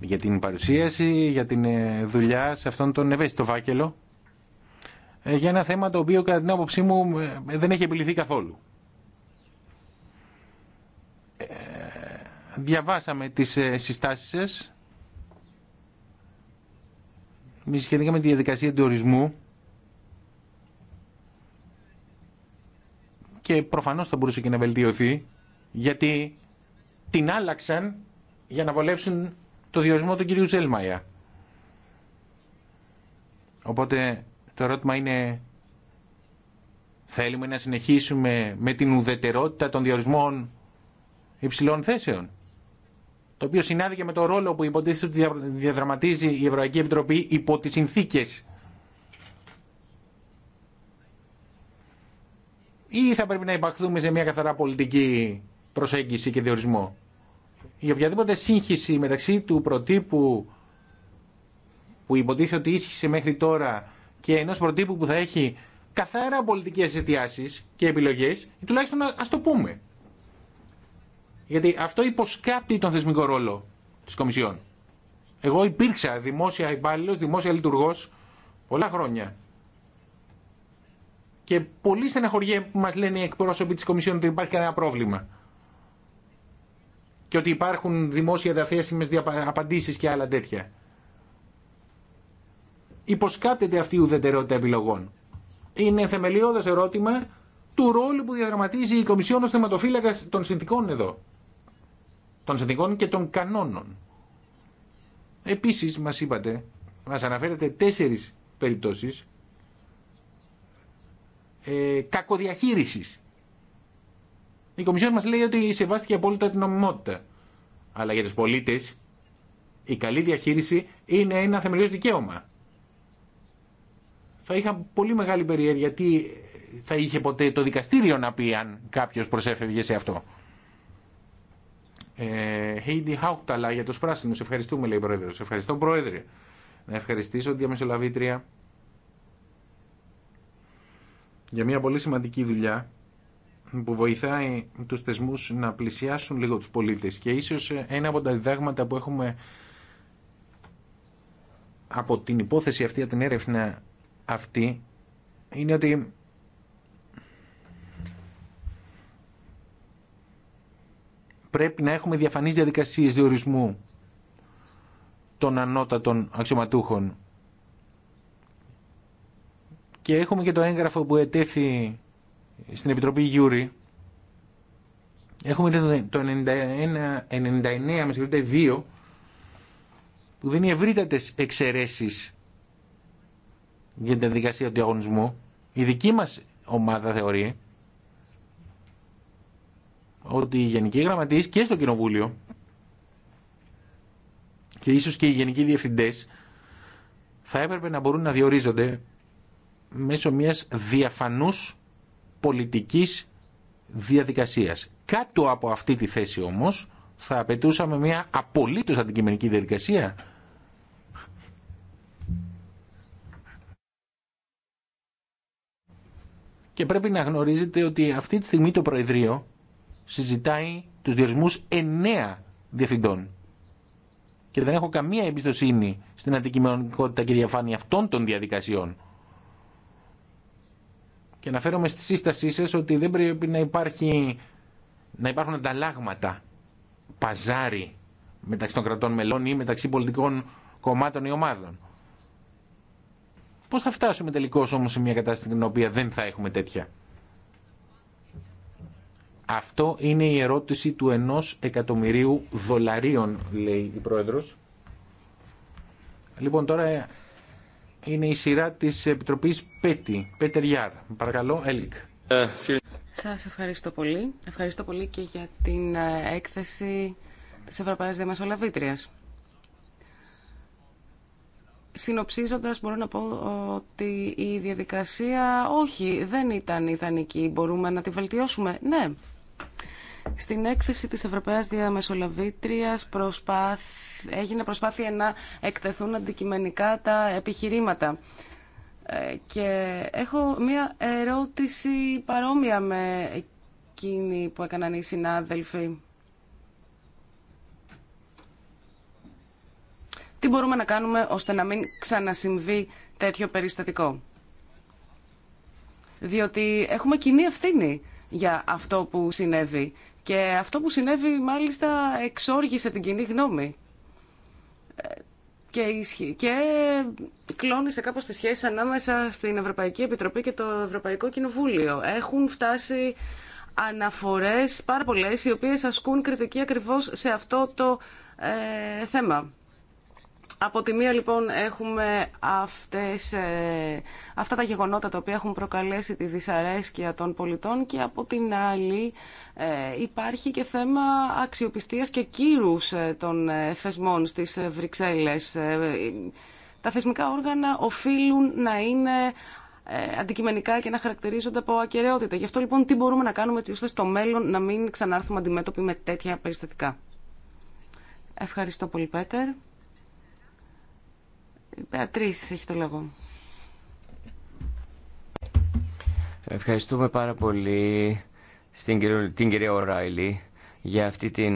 για την παρουσίαση, για την ε, δουλειά σε αυτόν τον ευαίσθητο Βάκελο για ένα θέμα το οποίο κατά την άποψή μου δεν έχει επιληθεί καθόλου. Διαβάσαμε τις συστάσεις σας σχετικά με τη διαδικασία του ορισμού και προφανώς θα μπορούσε και να βελτιωθεί γιατί την άλλαξαν για να βολέψουν το διορισμό του κυρίου Ζέλμαια. Οπότε το ερώτημα είναι θέλουμε να συνεχίσουμε με την ουδετερότητα των διορισμών υψηλών θέσεων το οποίο συνάδει και με το ρόλο που υποτίθεται ότι διαδραματίζει η Ευρωπαϊκή Επιτροπή υπό τις συνθήκες. Ή θα πρέπει να υπαχθούμε σε μια καθαρά πολιτική προσέγγιση και διορισμό. Για οποιαδήποτε σύγχυση μεταξύ του προτύπου που υποτίθεται ότι ίσχυσε μέχρι τώρα και ενός προτύπου που θα έχει καθαρά πολιτικές αιτιάσεις και επιλογές, τουλάχιστον ας το πούμε. Γιατί αυτό υποσκάπτει τον θεσμικό ρόλο τη Κομισιόν. Εγώ υπήρξα δημόσια υπάλληλο, δημόσια λειτουργό πολλά χρόνια. Και πολλοί στεναχωριέ που μα λένε οι εκπρόσωποι τη Κομισιόν ότι υπάρχει κανένα πρόβλημα. Και ότι υπάρχουν δημόσια διαθέσιμε απαντήσει και άλλα τέτοια. Υποσκάπτεται αυτή η ουδετερότητα επιλογών. Είναι θεμελιώδε ερώτημα του ρόλου που διαδραματίζει η Κομισιόν ω θεματοφύλακα των συνθηκών εδώ των συνθηκών και των κανόνων. Επίσης μας είπατε, μας αναφέρετε τέσσερις περιπτώσεις ε, κακοδιαχείρισης. Η Κομισιόν μας λέει ότι σεβάστηκε απόλυτα την νομιμότητα. Αλλά για τους πολίτες η καλή διαχείριση είναι ένα θεμελιώδες δικαίωμα. Θα είχα πολύ μεγάλη περιέργεια γιατί θα είχε ποτέ το δικαστήριο να πει αν κάποιος προσέφευγε σε αυτό. Ε, Heidi για τους πράσινους. Ευχαριστούμε, λέει πρόεδρε. Ευχαριστώ, Πρόεδρε. Να ευχαριστήσω τη διαμεσολαβήτρια για μια πολύ σημαντική δουλειά που βοηθάει τους θεσμούς να πλησιάσουν λίγο τους πολίτες και ίσως ένα από τα διδάγματα που έχουμε από την υπόθεση αυτή, από την έρευνα αυτή είναι ότι πρέπει να έχουμε διαφανείς διαδικασίες διορισμού των ανώτατων αξιωματούχων. Και έχουμε και το έγγραφο που ετέθη στην Επιτροπή Γιούρι. Έχουμε το 99, με συγχωρείτε, 2, που δίνει ευρύτατες εξαιρέσεις για την διαδικασία του διαγωνισμού. Η δική μας ομάδα θεωρεί ότι οι γενικοί γραμματείς και στο Κοινοβούλιο και ίσως και οι γενικοί διευθυντές θα έπρεπε να μπορούν να διορίζονται μέσω μιας διαφανούς πολιτικής διαδικασίας. Κάτω από αυτή τη θέση όμως θα απαιτούσαμε μια απολύτως αντικειμενική διαδικασία και πρέπει να γνωρίζετε ότι αυτή τη στιγμή το Προεδρείο συζητάει του διορισμούς εννέα διευθυντών. Και δεν έχω καμία εμπιστοσύνη στην αντικειμενικότητα και διαφάνεια αυτών των διαδικασιών. Και αναφέρομαι στη σύστασή σα ότι δεν πρέπει να, υπάρχει, να υπάρχουν ανταλλάγματα, παζάρι μεταξύ των κρατών μελών ή μεταξύ πολιτικών κομμάτων ή ομάδων. Πώς θα φτάσουμε τελικώς όμως σε μια κατάσταση στην οποία δεν θα έχουμε τέτοια. Αυτό είναι η ερώτηση του ενός εκατομμυρίου δολαρίων, λέει η Πρόεδρος. Λοιπόν, τώρα είναι η σειρά της Επιτροπής Πέτη, Πέτερ Γιάρ. Παρακαλώ, Έλικ. Σας ευχαριστώ πολύ. Ευχαριστώ πολύ και για την ε, έκθεση της Ευρωπαϊκής Διαμεσολαβήτριας. Συνοψίζοντας μπορώ να πω ότι η διαδικασία όχι δεν ήταν ιδανική. Μπορούμε να τη βελτιώσουμε. Ναι, στην έκθεση της Ευρωπαίας Διαμεσολαβήτριας προσπάθ... έγινε προσπάθεια να εκτεθούν αντικειμενικά τα επιχειρήματα. Ε, και έχω μία ερώτηση παρόμοια με εκείνη που έκαναν οι συνάδελφοι. Τι μπορούμε να κάνουμε ώστε να μην ξανασυμβεί τέτοιο περιστατικό. Διότι έχουμε κοινή ευθύνη για αυτό που συνέβη. Και αυτό που συνέβη μάλιστα εξόργησε την κοινή γνώμη. Ε, και, και κλώνησε κάπως τις σχέσεις ανάμεσα στην Ευρωπαϊκή Επιτροπή και το Ευρωπαϊκό Κοινοβούλιο. Έχουν φτάσει αναφορές πάρα πολλές οι οποίες ασκούν κριτική ακριβώς σε αυτό το ε, θέμα. Από τη μία λοιπόν έχουμε αυτές, ε, αυτά τα γεγονότα τα οποία έχουν προκαλέσει τη δυσαρέσκεια των πολιτών και από την άλλη ε, υπάρχει και θέμα αξιοπιστίας και κύρους ε, των θεσμών στις Βρυξέλλες. Τα θεσμικά όργανα οφείλουν να είναι αντικειμενικά και να χαρακτηρίζονται από ακαιρεότητα. Γι' αυτό λοιπόν τι μπορούμε να κάνουμε έτσι ώστε στο μέλλον να μην ξανάρθουμε αντιμέτωποι με τέτοια περιστατικά. Ευχαριστώ πολύ Πέτερ έχει το Ευχαριστούμε πάρα πολύ στην την κυρία Οράιλη για αυτή την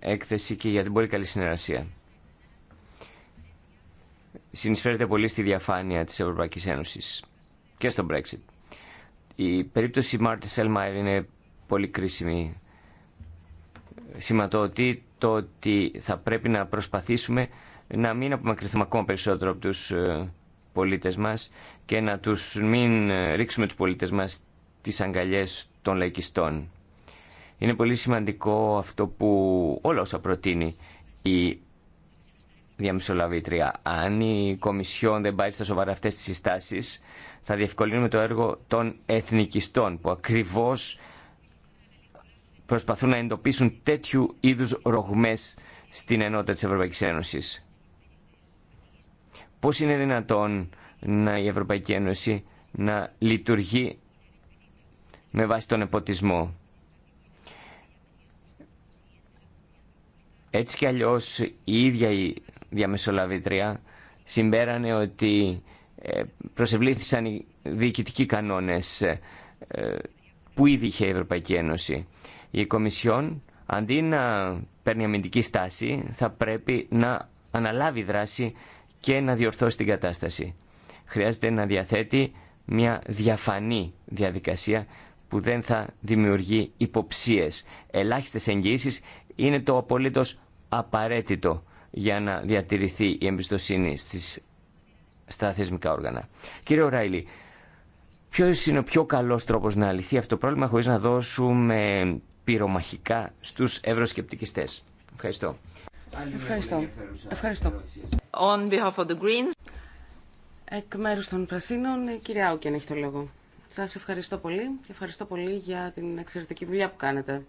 έκθεση και για την πολύ καλή συνεργασία. Συνεισφέρεται πολύ στη διαφάνεια της Ευρωπαϊκής Ένωσης και στο Brexit. Η περίπτωση Μάρτι Σελμάιρ είναι πολύ κρίσιμη. Σηματοδοτεί το ότι θα πρέπει να προσπαθήσουμε να μην απομακρυνθούμε ακόμα περισσότερο από τους ε, πολίτες μας και να τους μην ε, ρίξουμε τους πολίτες μας τις αγκαλιές των λαϊκιστών. Είναι πολύ σημαντικό αυτό που όλα όσα προτείνει η διαμεσολαβήτρια. Αν η Κομισιόν δεν πάρει στα σοβαρά αυτές τις συστάσεις, θα διευκολύνουμε το έργο των εθνικιστών, που ακριβώς προσπαθούν να εντοπίσουν τέτοιου είδους ρογμές στην ενότητα της Ευρωπαϊκής Ένωσης. Πώς είναι δυνατόν να η Ευρωπαϊκή Ένωση να λειτουργεί με βάση τον εποτισμό. Έτσι κι αλλιώς η ίδια η διαμεσολαβήτρια συμπέρανε ότι ε, προσευλήθησαν οι διοικητικοί κανόνες ε, που ήδη είχε η Ευρωπαϊκή Ένωση. Η Κομισιόν αντί να παίρνει αμυντική στάση θα πρέπει να αναλάβει δράση και να διορθώσει την κατάσταση. Χρειάζεται να διαθέτει μια διαφανή διαδικασία που δεν θα δημιουργεί υποψίες. Ελάχιστες εγγύησεις είναι το απολύτως απαραίτητο για να διατηρηθεί η εμπιστοσύνη στις, στα θεσμικά όργανα. Κύριε Ράιλι, ποιο είναι ο πιο καλός τρόπος να λυθεί αυτό το πρόβλημα χωρίς να δώσουμε πυρομαχικά στους ευρωσκεπτικιστές. Ευχαριστώ. Ευχαριστώ. Ευχαριστώ. On behalf of the Greens. Εκ μέρους των Πρασίνων, η κυρία Άουκεν έχει το λόγο. Σας ευχαριστώ πολύ και ευχαριστώ πολύ για την εξαιρετική δουλειά που κάνετε.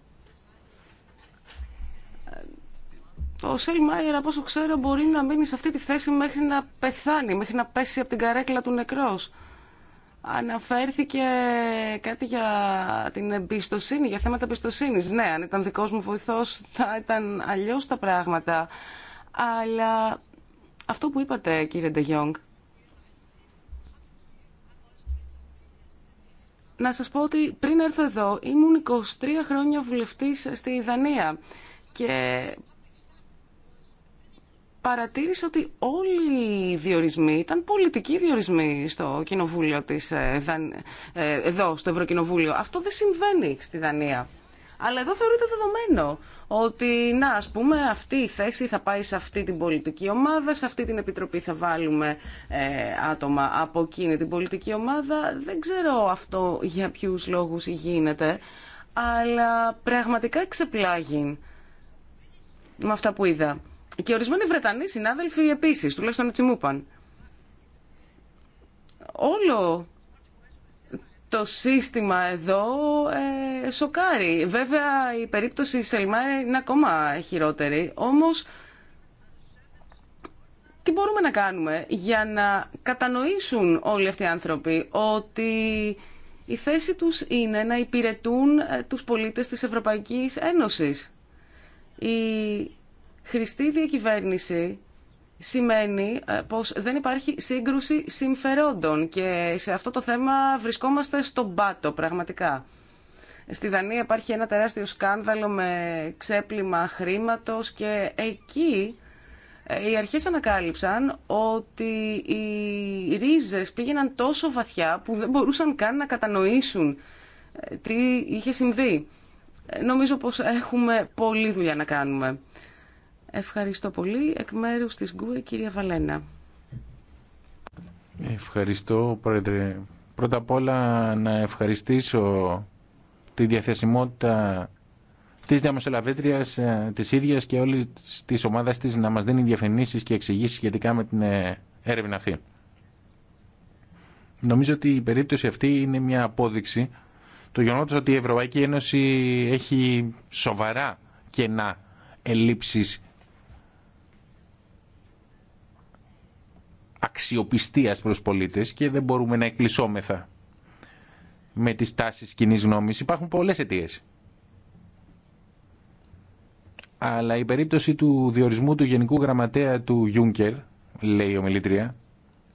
Ε, ο Σελμάιερ, από όσο ξέρω, μπορεί να μείνει σε αυτή τη θέση μέχρι να πεθάνει, μέχρι να πέσει από την καρέκλα του νεκρός. Αναφέρθηκε κάτι για την εμπιστοσύνη, για θέματα εμπιστοσύνης. Ναι, αν ήταν δικός μου βοηθός θα ήταν αλλιώς τα πράγματα. Αλλά αυτό που είπατε κύριε Ντεγιόγκ, να σας πω ότι πριν έρθω εδώ ήμουν 23 χρόνια βουλευτής στη Δανία και παρατήρησε ότι όλοι οι διορισμοί ήταν πολιτικοί διορισμοί στο κοινοβούλιο της, ε, ε, εδώ, στο Ευρωκοινοβούλιο. Αυτό δεν συμβαίνει στη Δανία. Αλλά εδώ θεωρείται δεδομένο ότι να ας πούμε αυτή η θέση θα πάει σε αυτή την πολιτική ομάδα, σε αυτή την επιτροπή θα βάλουμε ε, άτομα από εκείνη την πολιτική ομάδα. Δεν ξέρω αυτό για ποιους λόγους γίνεται, αλλά πραγματικά εξεπλάγει με αυτά που είδα. Και ορισμένοι Βρετανοί συνάδελφοι επίσης, τουλάχιστον έτσι μου είπαν. Όλο το σύστημα εδώ ε, σοκάρει. Βέβαια η περίπτωση Σελμάρ είναι ακόμα χειρότερη, όμως τι μπορούμε να κάνουμε για να κατανοήσουν όλοι αυτοί οι άνθρωποι ότι η θέση τους είναι να υπηρετούν ε, τους πολίτες της Ευρωπαϊκής Ένωσης. Η Χρηστή διακυβέρνηση σημαίνει ε, πως δεν υπάρχει σύγκρουση συμφερόντων και σε αυτό το θέμα βρισκόμαστε στον πάτο πραγματικά. Στη Δανία υπάρχει ένα τεράστιο σκάνδαλο με ξέπλυμα χρήματος και εκεί ε, οι αρχές ανακάλυψαν ότι οι ρίζες πήγαιναν τόσο βαθιά που δεν μπορούσαν καν να κατανοήσουν ε, τι είχε συμβεί. Νομίζω πως έχουμε πολλή δουλειά να κάνουμε. Ευχαριστώ πολύ. Εκ μέρους της ΓΚΟΕ, κυρία Βαλένα. Ευχαριστώ, Πρόεδρε. Πρώτα απ' όλα να ευχαριστήσω τη διαθεσιμότητα της διαμεσολαβήτριας ε, της ίδιας και όλης της ομάδας της να μας δίνει διαφημίσεις και εξηγήσει σχετικά με την ε, έρευνα αυτή. Νομίζω ότι η περίπτωση αυτή είναι μια απόδειξη του γεγονότος ότι η Ευρωπαϊκή Ένωση έχει σοβαρά κενά ελλείψεις αξιοπιστίας προς πολίτες και δεν μπορούμε να εκκλεισόμεθα με τις τάσεις κοινή γνώμης. Υπάρχουν πολλές αιτίε. Αλλά η περίπτωση του διορισμού του Γενικού Γραμματέα του Γιούνκερ, λέει η ομιλήτρια,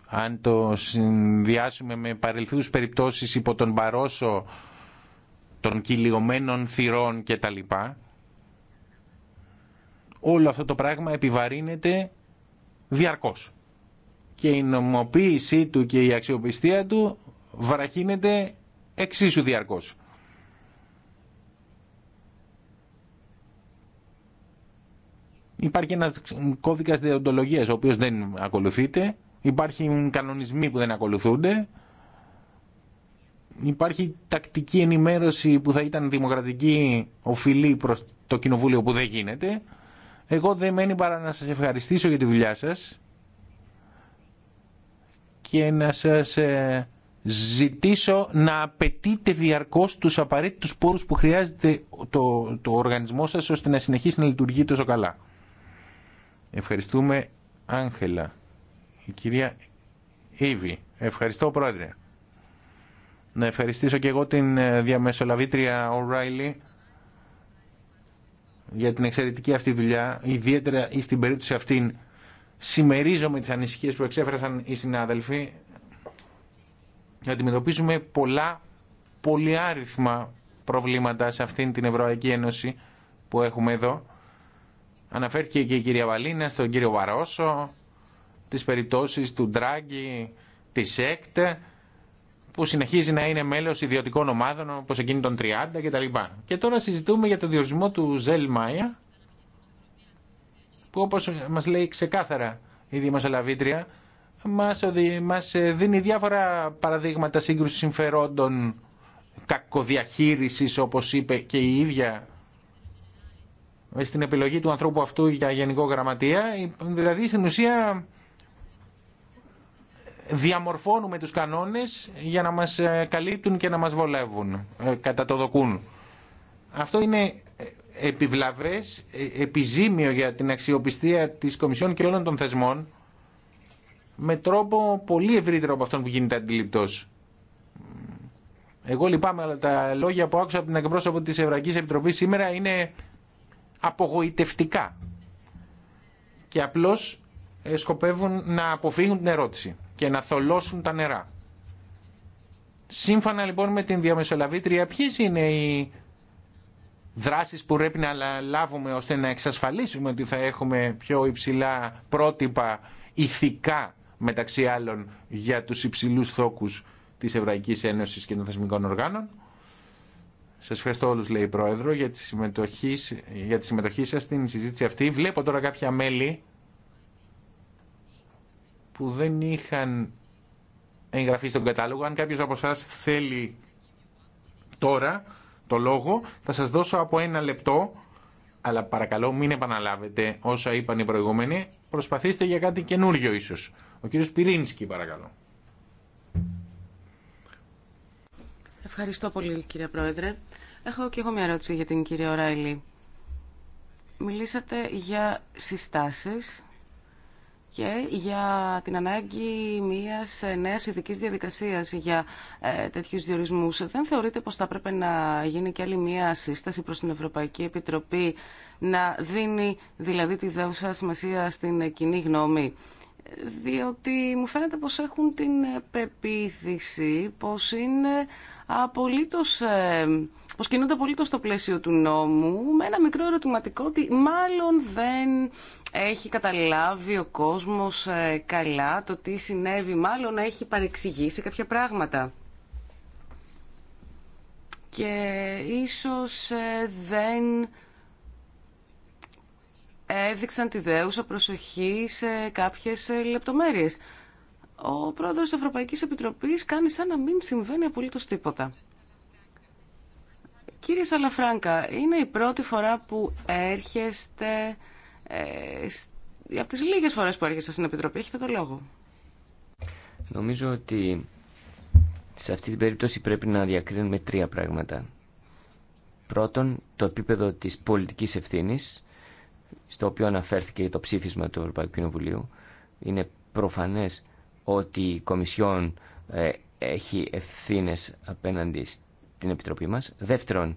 αν το συνδυάσουμε με παρελθούς περιπτώσεις υπό τον Παρόσο των κυλιωμένων θυρών κτλ. Όλο αυτό το πράγμα επιβαρύνεται διαρκώς και η νομοποίησή του και η αξιοπιστία του βραχύνεται εξίσου διαρκώς. Υπάρχει ένα κώδικας διοντολογία ο οποίος δεν ακολουθείται. Υπάρχει κανονισμοί που δεν ακολουθούνται. Υπάρχει τακτική ενημέρωση που θα ήταν δημοκρατική οφειλή προ το κοινοβούλιο που δεν γίνεται. Εγώ δεν μένει παρά να σας ευχαριστήσω για τη δουλειά σας και να σας ε, ζητήσω να απαιτείτε διαρκώς τους απαραίτητους πόρους που χρειάζεται το, το οργανισμό σας ώστε να συνεχίσει να λειτουργεί τόσο καλά. Ευχαριστούμε Άγχελα. Η κυρία Ήβη. Ευχαριστώ πρόεδρε. Να ευχαριστήσω και εγώ την ε, διαμεσολαβήτρια O'Reilly για την εξαιρετική αυτή δουλειά, ιδιαίτερα στην περίπτωση αυτήν συμμερίζομαι τις ανησυχίες που εξέφρασαν οι συνάδελφοι να αντιμετωπίζουμε πολλά πολυάριθμα προβλήματα σε αυτήν την Ευρωπαϊκή Ένωση που έχουμε εδώ. Αναφέρθηκε και η κυρία Βαλίνα στον κύριο Βαρόσο, τις περιπτώσεις του Ντράγκη, της ΕΚΤ, που συνεχίζει να είναι μέλος ιδιωτικών ομάδων όπως εκείνη των 30 κτλ. Και τώρα συζητούμε για το διορισμό του Ζελ Μάια, που όπως μας λέει ξεκάθαρα η δημοσιολαβήτρια μας, μας δίνει διάφορα παραδείγματα σύγκρουσης συμφερόντων κακοδιαχείρισης όπως είπε και η ίδια στην επιλογή του ανθρώπου αυτού για γενικό γραμματεία δηλαδή στην ουσία διαμορφώνουμε τους κανόνες για να μας καλύπτουν και να μας βολεύουν ε, κατά το δοκούν αυτό είναι ε, επιβλαβές, ε, επιζήμιο για την αξιοπιστία της Κομισιόν και όλων των θεσμών με τρόπο πολύ ευρύτερο από αυτόν που γίνεται αντιληπτός. Εγώ λυπάμαι, αλλά τα λόγια που άκουσα από την εκπρόσωπο της Ευρωπαϊκή Επιτροπής σήμερα είναι απογοητευτικά και απλώς ε, σκοπεύουν να αποφύγουν την ερώτηση και να θολώσουν τα νερά. Σύμφωνα λοιπόν με την διαμεσολαβήτρια, ποιε είναι οι δράσεις που πρέπει να λάβουμε ώστε να εξασφαλίσουμε ότι θα έχουμε πιο υψηλά πρότυπα ηθικά μεταξύ άλλων για τους υψηλούς θόκους της Ευρωπαϊκής Ένωσης και των θεσμικών οργάνων. Σας ευχαριστώ όλους, λέει η Πρόεδρο, για τη, συμμετοχή, για τη συμμετοχή σας στην συζήτηση αυτή. Βλέπω τώρα κάποια μέλη που δεν είχαν εγγραφεί στον κατάλογο. Αν κάποιος από εσά θέλει τώρα το λόγο. Θα σας δώσω από ένα λεπτό, αλλά παρακαλώ μην επαναλάβετε όσα είπαν οι προηγούμενοι. Προσπαθήστε για κάτι καινούριο ίσως. Ο κύριος Πυρίνσκι παρακαλώ. Ευχαριστώ πολύ κύριε Πρόεδρε. Έχω και εγώ μια ερώτηση για την κυρία Ράιλι. Μιλήσατε για συστάσεις και για την ανάγκη μιας ε, νέας ειδική διαδικασίας για ε, τέτοιους διορισμούς. Δεν θεωρείτε πως θα έπρεπε να γίνει και άλλη μια σύσταση προς την Ευρωπαϊκή Επιτροπή να δίνει δηλαδή τη δεύτερη σημασία στην ε, κοινή γνώμη. Διότι μου φαίνεται πως έχουν την ε, πεποίθηση πως είναι απολύτως, ε, πως κινούνται απολύτως στο πλαίσιο του νόμου με ένα μικρό ερωτηματικό ότι μάλλον δεν έχει καταλάβει ο κόσμος ε, καλά το τι συνέβη, μάλλον έχει παρεξηγήσει κάποια πράγματα και ίσως ε, δεν έδειξαν τη δέουσα προσοχή σε κάποιες λεπτομέρειες ο πρόεδρος της Ευρωπαϊκής Επιτροπής κάνει σαν να μην συμβαίνει απολύτως τίποτα. Κύριε Σαλαφράγκα, είναι η πρώτη φορά που έρχεστε, ε, από τις λίγες φορές που έρχεστε στην Επιτροπή, έχετε το λόγο. Νομίζω ότι σε αυτή την περίπτωση πρέπει να διακρίνουμε τρία πράγματα. Πρώτον, το επίπεδο της πολιτικής ευθύνης, στο οποίο αναφέρθηκε το ψήφισμα του Ευρωπαϊκού Κοινοβουλίου. Είναι προφανές ότι η Κομισιόν ε, έχει ευθύνε απέναντι στην Επιτροπή μας. Δεύτερον,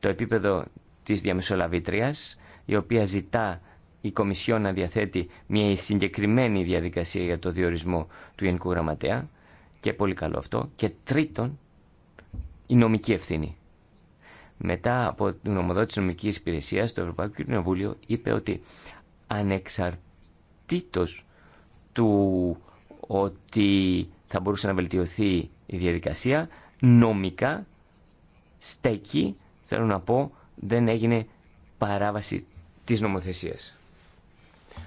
το επίπεδο της διαμεσολαβήτριας, η οποία ζητά η Κομισιόν να διαθέτει μια συγκεκριμένη διαδικασία για το διορισμό του Γενικού Γραμματέα και πολύ καλό αυτό. Και τρίτον, η νομική ευθύνη. Μετά από την ομοδότηση της νομικής υπηρεσίας, το Ευρωπαϊκό Κοινοβούλιο είπε ότι ανεξαρτήτως του ότι θα μπορούσε να βελτιωθεί η διαδικασία. Νομικά στέκει, θέλω να πω, δεν έγινε παράβαση της νομοθεσίας.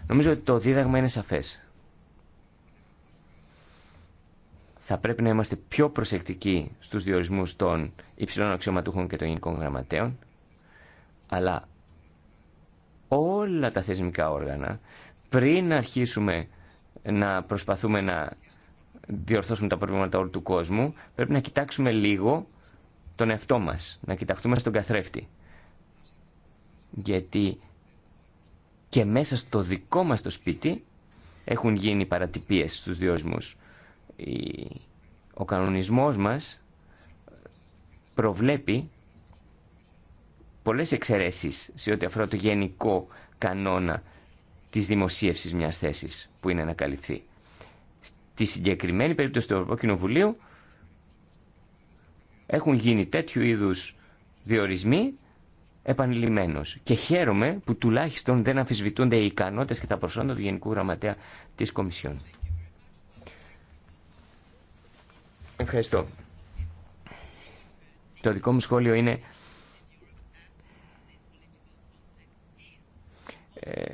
Νομίζω ότι το δίδαγμα είναι σαφές. Θα πρέπει να είμαστε πιο προσεκτικοί στους διορισμούς των υψηλών αξιωματούχων και των γενικών γραμματέων, αλλά όλα τα θεσμικά όργανα, πριν αρχίσουμε να προσπαθούμε να διορθώσουμε τα προβλήματα όλου του κόσμου, πρέπει να κοιτάξουμε λίγο τον εαυτό μας, να κοιταχτούμε στον καθρέφτη. Γιατί και μέσα στο δικό μας το σπίτι έχουν γίνει παρατυπίες στους διορισμούς. Ο κανονισμός μας προβλέπει πολλές εξαιρέσεις σε ό,τι αφορά το γενικό κανόνα Τη δημοσίευση μιας θέση που είναι ανακαλυφθεί. καλυφθεί. Στη συγκεκριμένη περίπτωση του Ευρωπαϊκού Κοινοβουλίου έχουν γίνει τέτοιου είδους διορισμοί επανειλημμένω. και χαίρομαι που τουλάχιστον δεν αμφισβητούνται οι ικανότητε και τα προσόντα του Γενικού Γραμματέα της Κομισιόν. Ευχαριστώ. Το δικό μου σχόλιο είναι ε,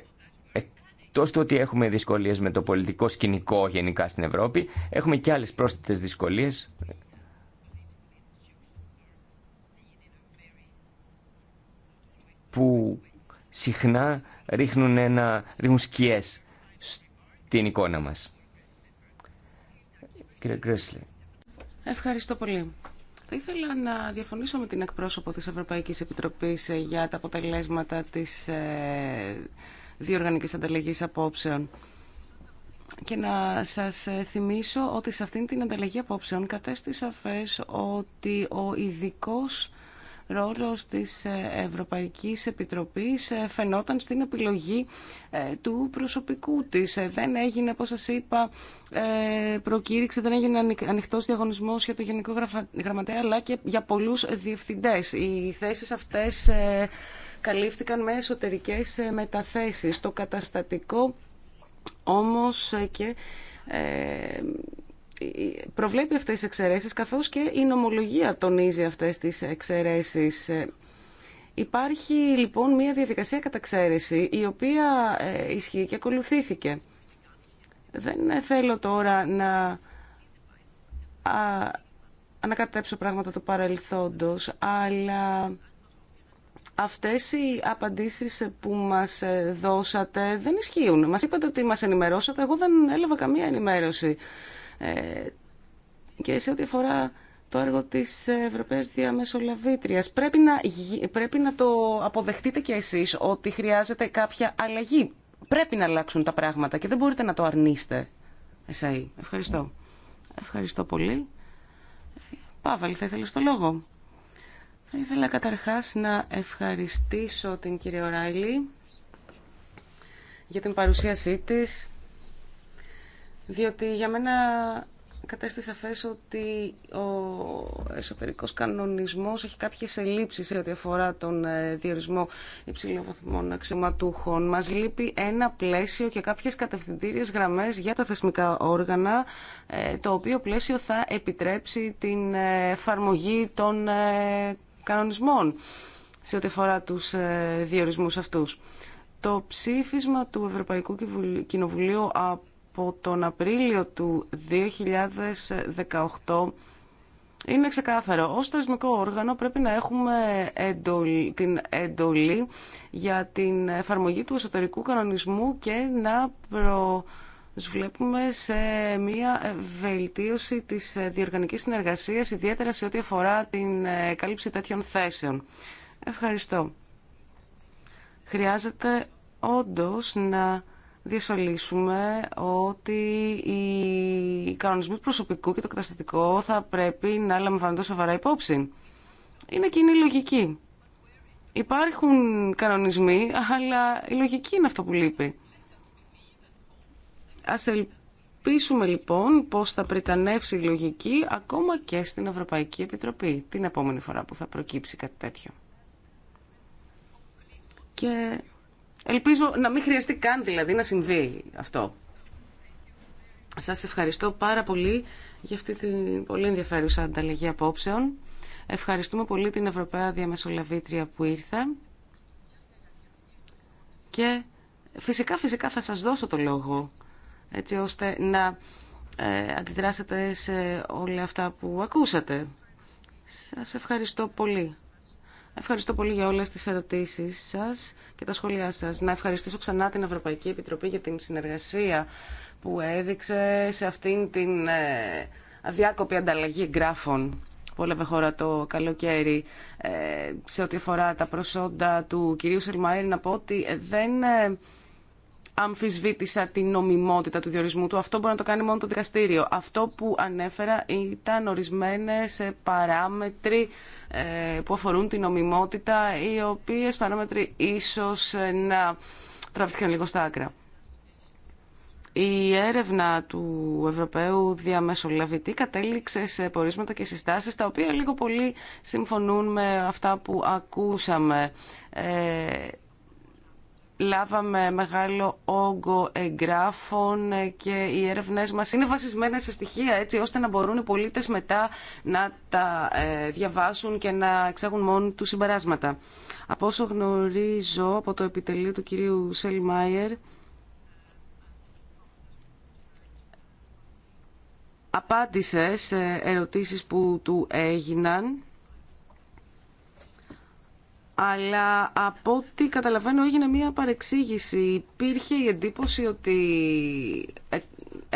εκτό ότι έχουμε δυσκολίες με το πολιτικό σκηνικό γενικά στην Ευρώπη, έχουμε και άλλε πρόσθετε δυσκολίες. που συχνά ρίχνουν, ένα, ρίχνουν σκιές στην εικόνα μας. Κύριε Ευχαριστώ πολύ. Θα ήθελα να διαφωνήσω με την εκπρόσωπο της Ευρωπαϊκής Επιτροπής ε, για τα αποτελέσματα της ε, διοργανικής ανταλλαγής απόψεων. Και να σας θυμίσω ότι σε αυτήν την ανταλλαγή απόψεων κατέστη σαφές ότι ο ειδικό ρόλος της Ευρωπαϊκής Επιτροπής φαινόταν στην επιλογή ε, του προσωπικού της. Ε, δεν έγινε, όπως σας είπα, ε, προκήρυξη, δεν έγινε ανοιχτός διαγωνισμός για το Γενικό Γραμματέα, αλλά και για πολλούς διευθυντές. Οι θέσεις αυτές καλύφθηκαν με εσωτερικές ε, μεταθέσεις. Το καταστατικό όμως ε, και ε, προβλέπει αυτές τις εξαιρέσεις καθώς και η νομολογία τονίζει αυτές τις εξαιρέσεις. Υπάρχει λοιπόν μια διαδικασία καταξαίρεση η οποία ισχύει και ακολουθήθηκε. Δεν θέλω τώρα να ανακατέψω πράγματα του παρελθόντος, αλλά αυτές οι απαντήσεις που μας δώσατε δεν ισχύουν. Μας είπατε ότι μας ενημερώσατε, εγώ δεν έλαβα καμία ενημέρωση. Ε, και σε ό,τι αφορά το έργο της Ευρωπαίας Διαμεσολαβήτριας, πρέπει να, πρέπει να το αποδεχτείτε και εσείς ότι χρειάζεται κάποια αλλαγή. Πρέπει να αλλάξουν τα πράγματα και δεν μπορείτε να το αρνείστε. Εσάι. Ευχαριστώ. Ευχαριστώ πολύ. Πάβαλ, θα ήθελες το λόγο. Θα ήθελα καταρχάς να ευχαριστήσω την κυρία Ράιλι για την παρουσίασή της, διότι για μένα κατέστη σαφές ότι ο εσωτερικός κανονισμός έχει κάποιες ελλείψεις σε ό,τι αφορά τον ε, διορισμό υψηλοβαθμών αξιωματούχων. Μας λείπει ένα πλαίσιο και κάποιες κατευθυντήριες γραμμές για τα θεσμικά όργανα, ε, το οποίο πλαίσιο θα επιτρέψει την ε, εφαρμογή των κανονισμών σε ό,τι αφορά τους ε, διορισμούς αυτούς. Το ψήφισμα του Ευρωπαϊκού Κοινοβουλίου από τον Απρίλιο του 2018 είναι ξεκάθαρο. Ω θεσμικό όργανο πρέπει να έχουμε την εντολή για την εφαρμογή του εσωτερικού κανονισμού και να προ βλέπουμε σε μια ε, βελτίωση της ε, διοργανικής συνεργασίας, ιδιαίτερα σε ό,τι αφορά την ε, κάλυψη τέτοιων θέσεων. Ευχαριστώ. Χρειάζεται όντως να διασφαλίσουμε ότι οι κανονισμοί του προσωπικού και το καταστατικό θα πρέπει να λαμβάνονται σοβαρά υπόψη. Είναι κοινή λογική. Υπάρχουν κανονισμοί, αλλά η λογική είναι αυτό που λείπει. Ας ελπίσουμε λοιπόν πως θα πριτανεύσει η λογική ακόμα και στην Ευρωπαϊκή Επιτροπή την επόμενη φορά που θα προκύψει κάτι τέτοιο. Και ελπίζω να μην χρειαστεί καν δηλαδή να συμβεί αυτό. Σας ευχαριστώ πάρα πολύ για αυτή την πολύ ενδιαφέρουσα ανταλλαγή απόψεων. Ευχαριστούμε πολύ την Ευρωπαία Διαμεσολαβήτρια που ήρθε. Και φυσικά, φυσικά θα σας δώσω το λόγο έτσι ώστε να ε, αντιδράσετε σε όλα αυτά που ακούσατε. Σας ευχαριστώ πολύ. Ευχαριστώ πολύ για όλες τις ερωτήσεις σας και τα σχόλιά σας. Να ευχαριστήσω ξανά την Ευρωπαϊκή Επιτροπή για την συνεργασία που έδειξε σε αυτήν την ε, αδιάκοπη ανταλλαγή γράφων που έλαβε χώρα το καλοκαίρι ε, σε ό,τι αφορά τα προσόντα του κυρίου Σελμαέρη να πω ότι δεν αμφισβήτησα την νομιμότητα του διορισμού του. Αυτό μπορεί να το κάνει μόνο το δικαστήριο. Αυτό που ανέφερα ήταν ορισμένες ε, παράμετροι ε, που αφορούν την νομιμότητα, οι οποίες παράμετροι ίσως ε, να τραβήθηκαν λίγο στα άκρα. Η έρευνα του Ευρωπαίου Διαμεσολαβητή κατέληξε σε πορίσματα και συστάσεις τα οποία λίγο πολύ συμφωνούν με αυτά που ακούσαμε λάβαμε μεγάλο όγκο εγγράφων και οι έρευνές μας είναι βασισμένες σε στοιχεία έτσι ώστε να μπορούν οι πολίτες μετά να τα ε, διαβάσουν και να εξάγουν μόνοι του συμπεράσματα. Από όσο γνωρίζω από το επιτελείο του κυρίου Σελμάιερ, απάντησε σε ερωτήσεις που του έγιναν αλλά από ό,τι καταλαβαίνω έγινε μια παρεξήγηση. Υπήρχε η εντύπωση ότι ε,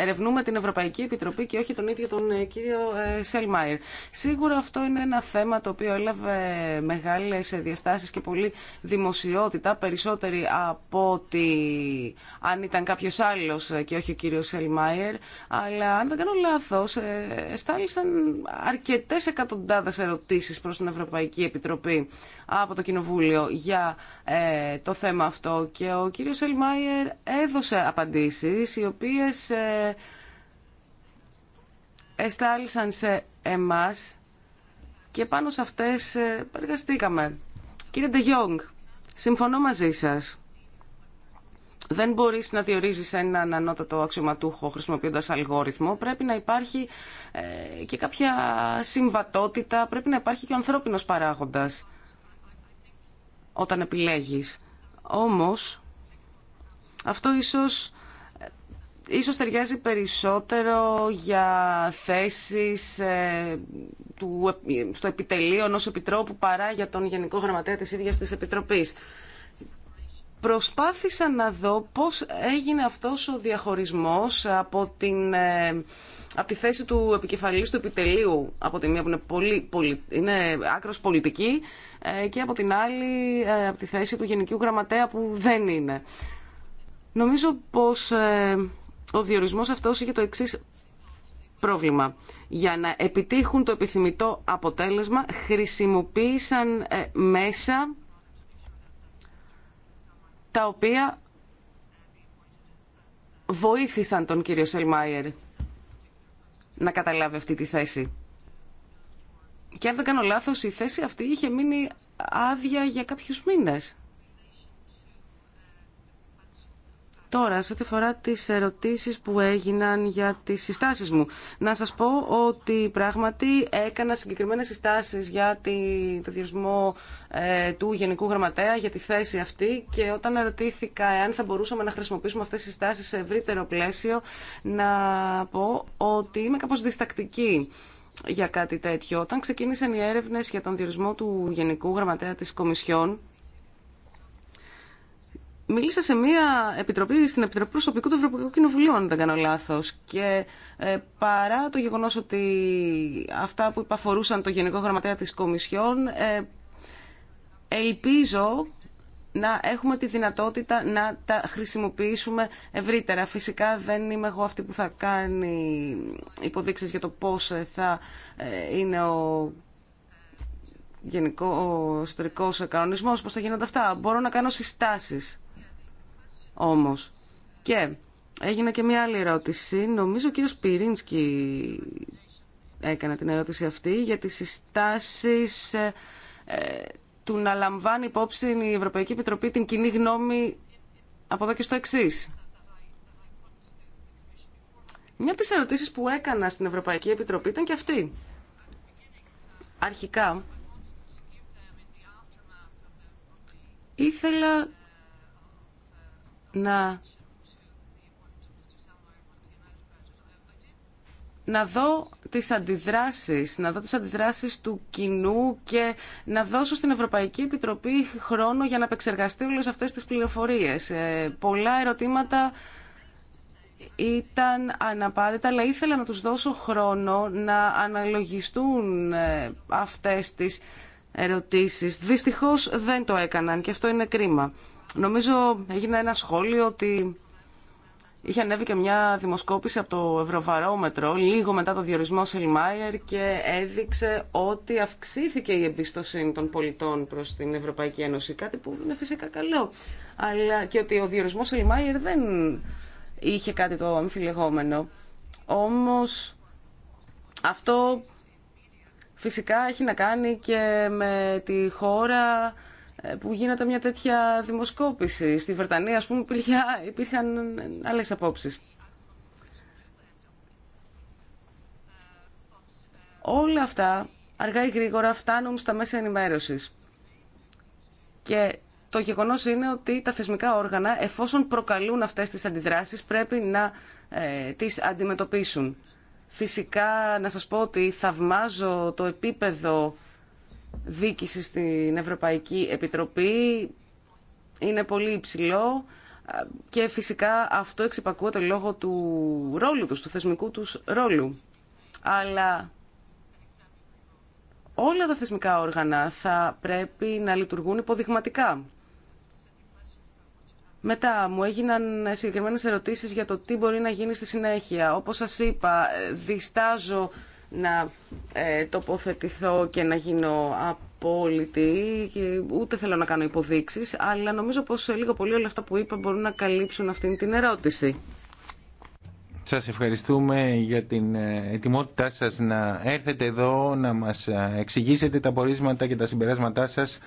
ερευνούμε την Ευρωπαϊκή Επιτροπή και όχι τον ίδιο τον ε, κύριο ε, Σελμάιρ. Σίγουρα αυτό είναι ένα θέμα το οποίο έλαβε μεγάλε διαστάσει και πολλή δημοσιότητα, περισσότερη από ότι αν ήταν κάποιος άλλος και όχι ο κύριο Σελμάιρ, αλλά αν δεν κάνω λάθος, ε, εστάλησαν αρκετέ εκατοντάδε ερωτήσει προ την Ευρωπαϊκή Επιτροπή από το Κοινοβούλιο για το θέμα αυτό και ο κύριος Σέλμαιρ έδωσε απαντήσεις οι οποίες εστάλησαν σε εμάς και πάνω σε αυτές ε, εργαστήκαμε. Κύριε Ντεγιόγκ, συμφωνώ μαζί σας. Δεν μπορείς να διορίζεις έναν ανώτατο αξιωματούχο χρησιμοποιώντας αλγόριθμο. Πρέπει να υπάρχει ε, και κάποια συμβατότητα, πρέπει να υπάρχει και ο ανθρώπινος παράγοντας όταν επιλέγεις. Όμως, αυτό ίσως ίσως ταιριάζει περισσότερο για θέσεις ε, του, στο επιτελείο ενός επιτρόπου παρά για τον Γενικό Γραμματέα της ίδιας της Επιτροπής. Προσπάθησα να δω πώς έγινε αυτός ο διαχωρισμός από, την, ε, από τη θέση του επικεφαλής του επιτελείου, από τη μία που είναι, πολύ, είναι άκρος πολιτική ε, και από την άλλη από τη θέση του Γενικού Γραμματέα που δεν είναι. Νομίζω πως ο διορισμός αυτός είχε το εξής πρόβλημα. Για να επιτύχουν το επιθυμητό αποτέλεσμα χρησιμοποίησαν ε, μέσα τα οποία βοήθησαν τον κύριο Σελμάιερ να καταλάβει αυτή τη θέση. Και αν δεν κάνω λάθος, η θέση αυτή είχε μείνει άδεια για κάποιους μήνες. Τώρα, σε τη φορά τις ερωτήσεις που έγιναν για τις συστάσεις μου, να σας πω ότι πράγματι έκανα συγκεκριμένες συστάσεις για το διορισμό ε, του Γενικού Γραμματέα, για τη θέση αυτή και όταν ερωτήθηκα εάν θα μπορούσαμε να χρησιμοποιήσουμε αυτές τις συστάσεις σε ευρύτερο πλαίσιο, να πω ότι είμαι κάπως διστακτική για κάτι τέτοιο. Όταν ξεκίνησαν οι έρευνες για τον διορισμό του Γενικού Γραμματέα της Κομισιόν, Μίλησα σε μια επιτροπή, στην Επιτροπή Προσωπικού του Ευρωπαϊκού Κοινοβουλίου, αν δεν κάνω λάθο. Και ε, παρά το γεγονό ότι αυτά που υπαφορούσαν το Γενικό Γραμματέα τη Κομισιόν, ε, ελπίζω να έχουμε τη δυνατότητα να τα χρησιμοποιήσουμε ευρύτερα. Φυσικά δεν είμαι εγώ αυτή που θα κάνει υποδείξεις για το πώς ε, θα ε, είναι ο γενικό ο ιστορικός κανονισμός, πώς θα γίνονται αυτά. Μπορώ να κάνω συστάσεις όμως. Και έγινε και μια άλλη ερώτηση. Νομίζω ο κύριος Πυρίνσκι έκανε την ερώτηση αυτή για τις συστάσεις ε, ε, του να λαμβάνει υπόψη η Ευρωπαϊκή Επιτροπή την κοινή γνώμη από εδώ και στο εξή. Μια από τις ερωτήσεις που έκανα στην Ευρωπαϊκή Επιτροπή ήταν και αυτή. Αρχικά, ήθελα να να δω τις αντιδράσεις, να δω τις αντιδράσεις του κοινού και να δώσω στην Ευρωπαϊκή Επιτροπή χρόνο για να επεξεργαστεί όλες αυτές τις πληροφορίες. Ε, πολλά ερωτήματα ήταν αναπάντητα, αλλά ήθελα να τους δώσω χρόνο να αναλογιστούν ε, αυτές τις ερωτήσεις. Δυστυχώς δεν το έκαναν και αυτό είναι κρίμα. Νομίζω έγινε ένα σχόλιο ότι είχε ανέβει και μια δημοσκόπηση από το Ευρωβαρόμετρο λίγο μετά το διορισμό Σελμάιερ και έδειξε ότι αυξήθηκε η εμπιστοσύνη των πολιτών προς την Ευρωπαϊκή Ένωση, κάτι που είναι φυσικά καλό. Αλλά και ότι ο διορισμός Σελμάιερ δεν είχε κάτι το αμφιλεγόμενο. Όμως αυτό φυσικά έχει να κάνει και με τη χώρα ε, που γίνεται μια τέτοια δημοσκόπηση. Στη Βρετανία, ας πούμε, υπήρχαν άλλες απόψεις. Όλα αυτά, αργά ή γρήγορα, φτάνουν στα μέσα ενημέρωσης. Και το γεγονός είναι ότι τα θεσμικά όργανα, εφόσον προκαλούν αυτές τις αντιδράσεις, πρέπει να ε, τις αντιμετωπίσουν. Φυσικά, να σας πω ότι θαυμάζω το επίπεδο δίκηση στην Ευρωπαϊκή Επιτροπή είναι πολύ υψηλό και φυσικά αυτό εξυπακούεται λόγω του ρόλου τους, του θεσμικού τους ρόλου. Αλλά όλα τα θεσμικά όργανα θα πρέπει να λειτουργούν υποδειγματικά. Μετά μου έγιναν συγκεκριμένες ερωτήσεις για το τι μπορεί να γίνει στη συνέχεια. Όπως σας είπα, ε, διστάζω να ε, τοποθετηθώ και να γίνω απόλυτη, ούτε θέλω να κάνω υποδείξεις, αλλά νομίζω πως λίγο πολύ όλα αυτά που είπα μπορούν να καλύψουν αυτήν την ερώτηση. Σας ευχαριστούμε για την ε, ετοιμότητά σας να έρθετε εδώ, να μας ε, εξηγήσετε τα πορίσματα και τα συμπεράσματά σας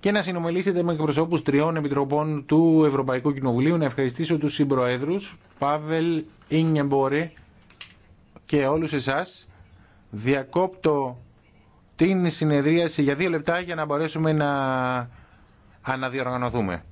και να συνομιλήσετε με εκπροσώπους τριών επιτροπών του Ευρωπαϊκού Κοινοβουλίου. Να ευχαριστήσω τους συμπροέδρους, Παύελ Ινιεμπόρε, και όλους εσάς. Διακόπτω την συνεδρίαση για δύο λεπτά για να μπορέσουμε να αναδιοργανωθούμε.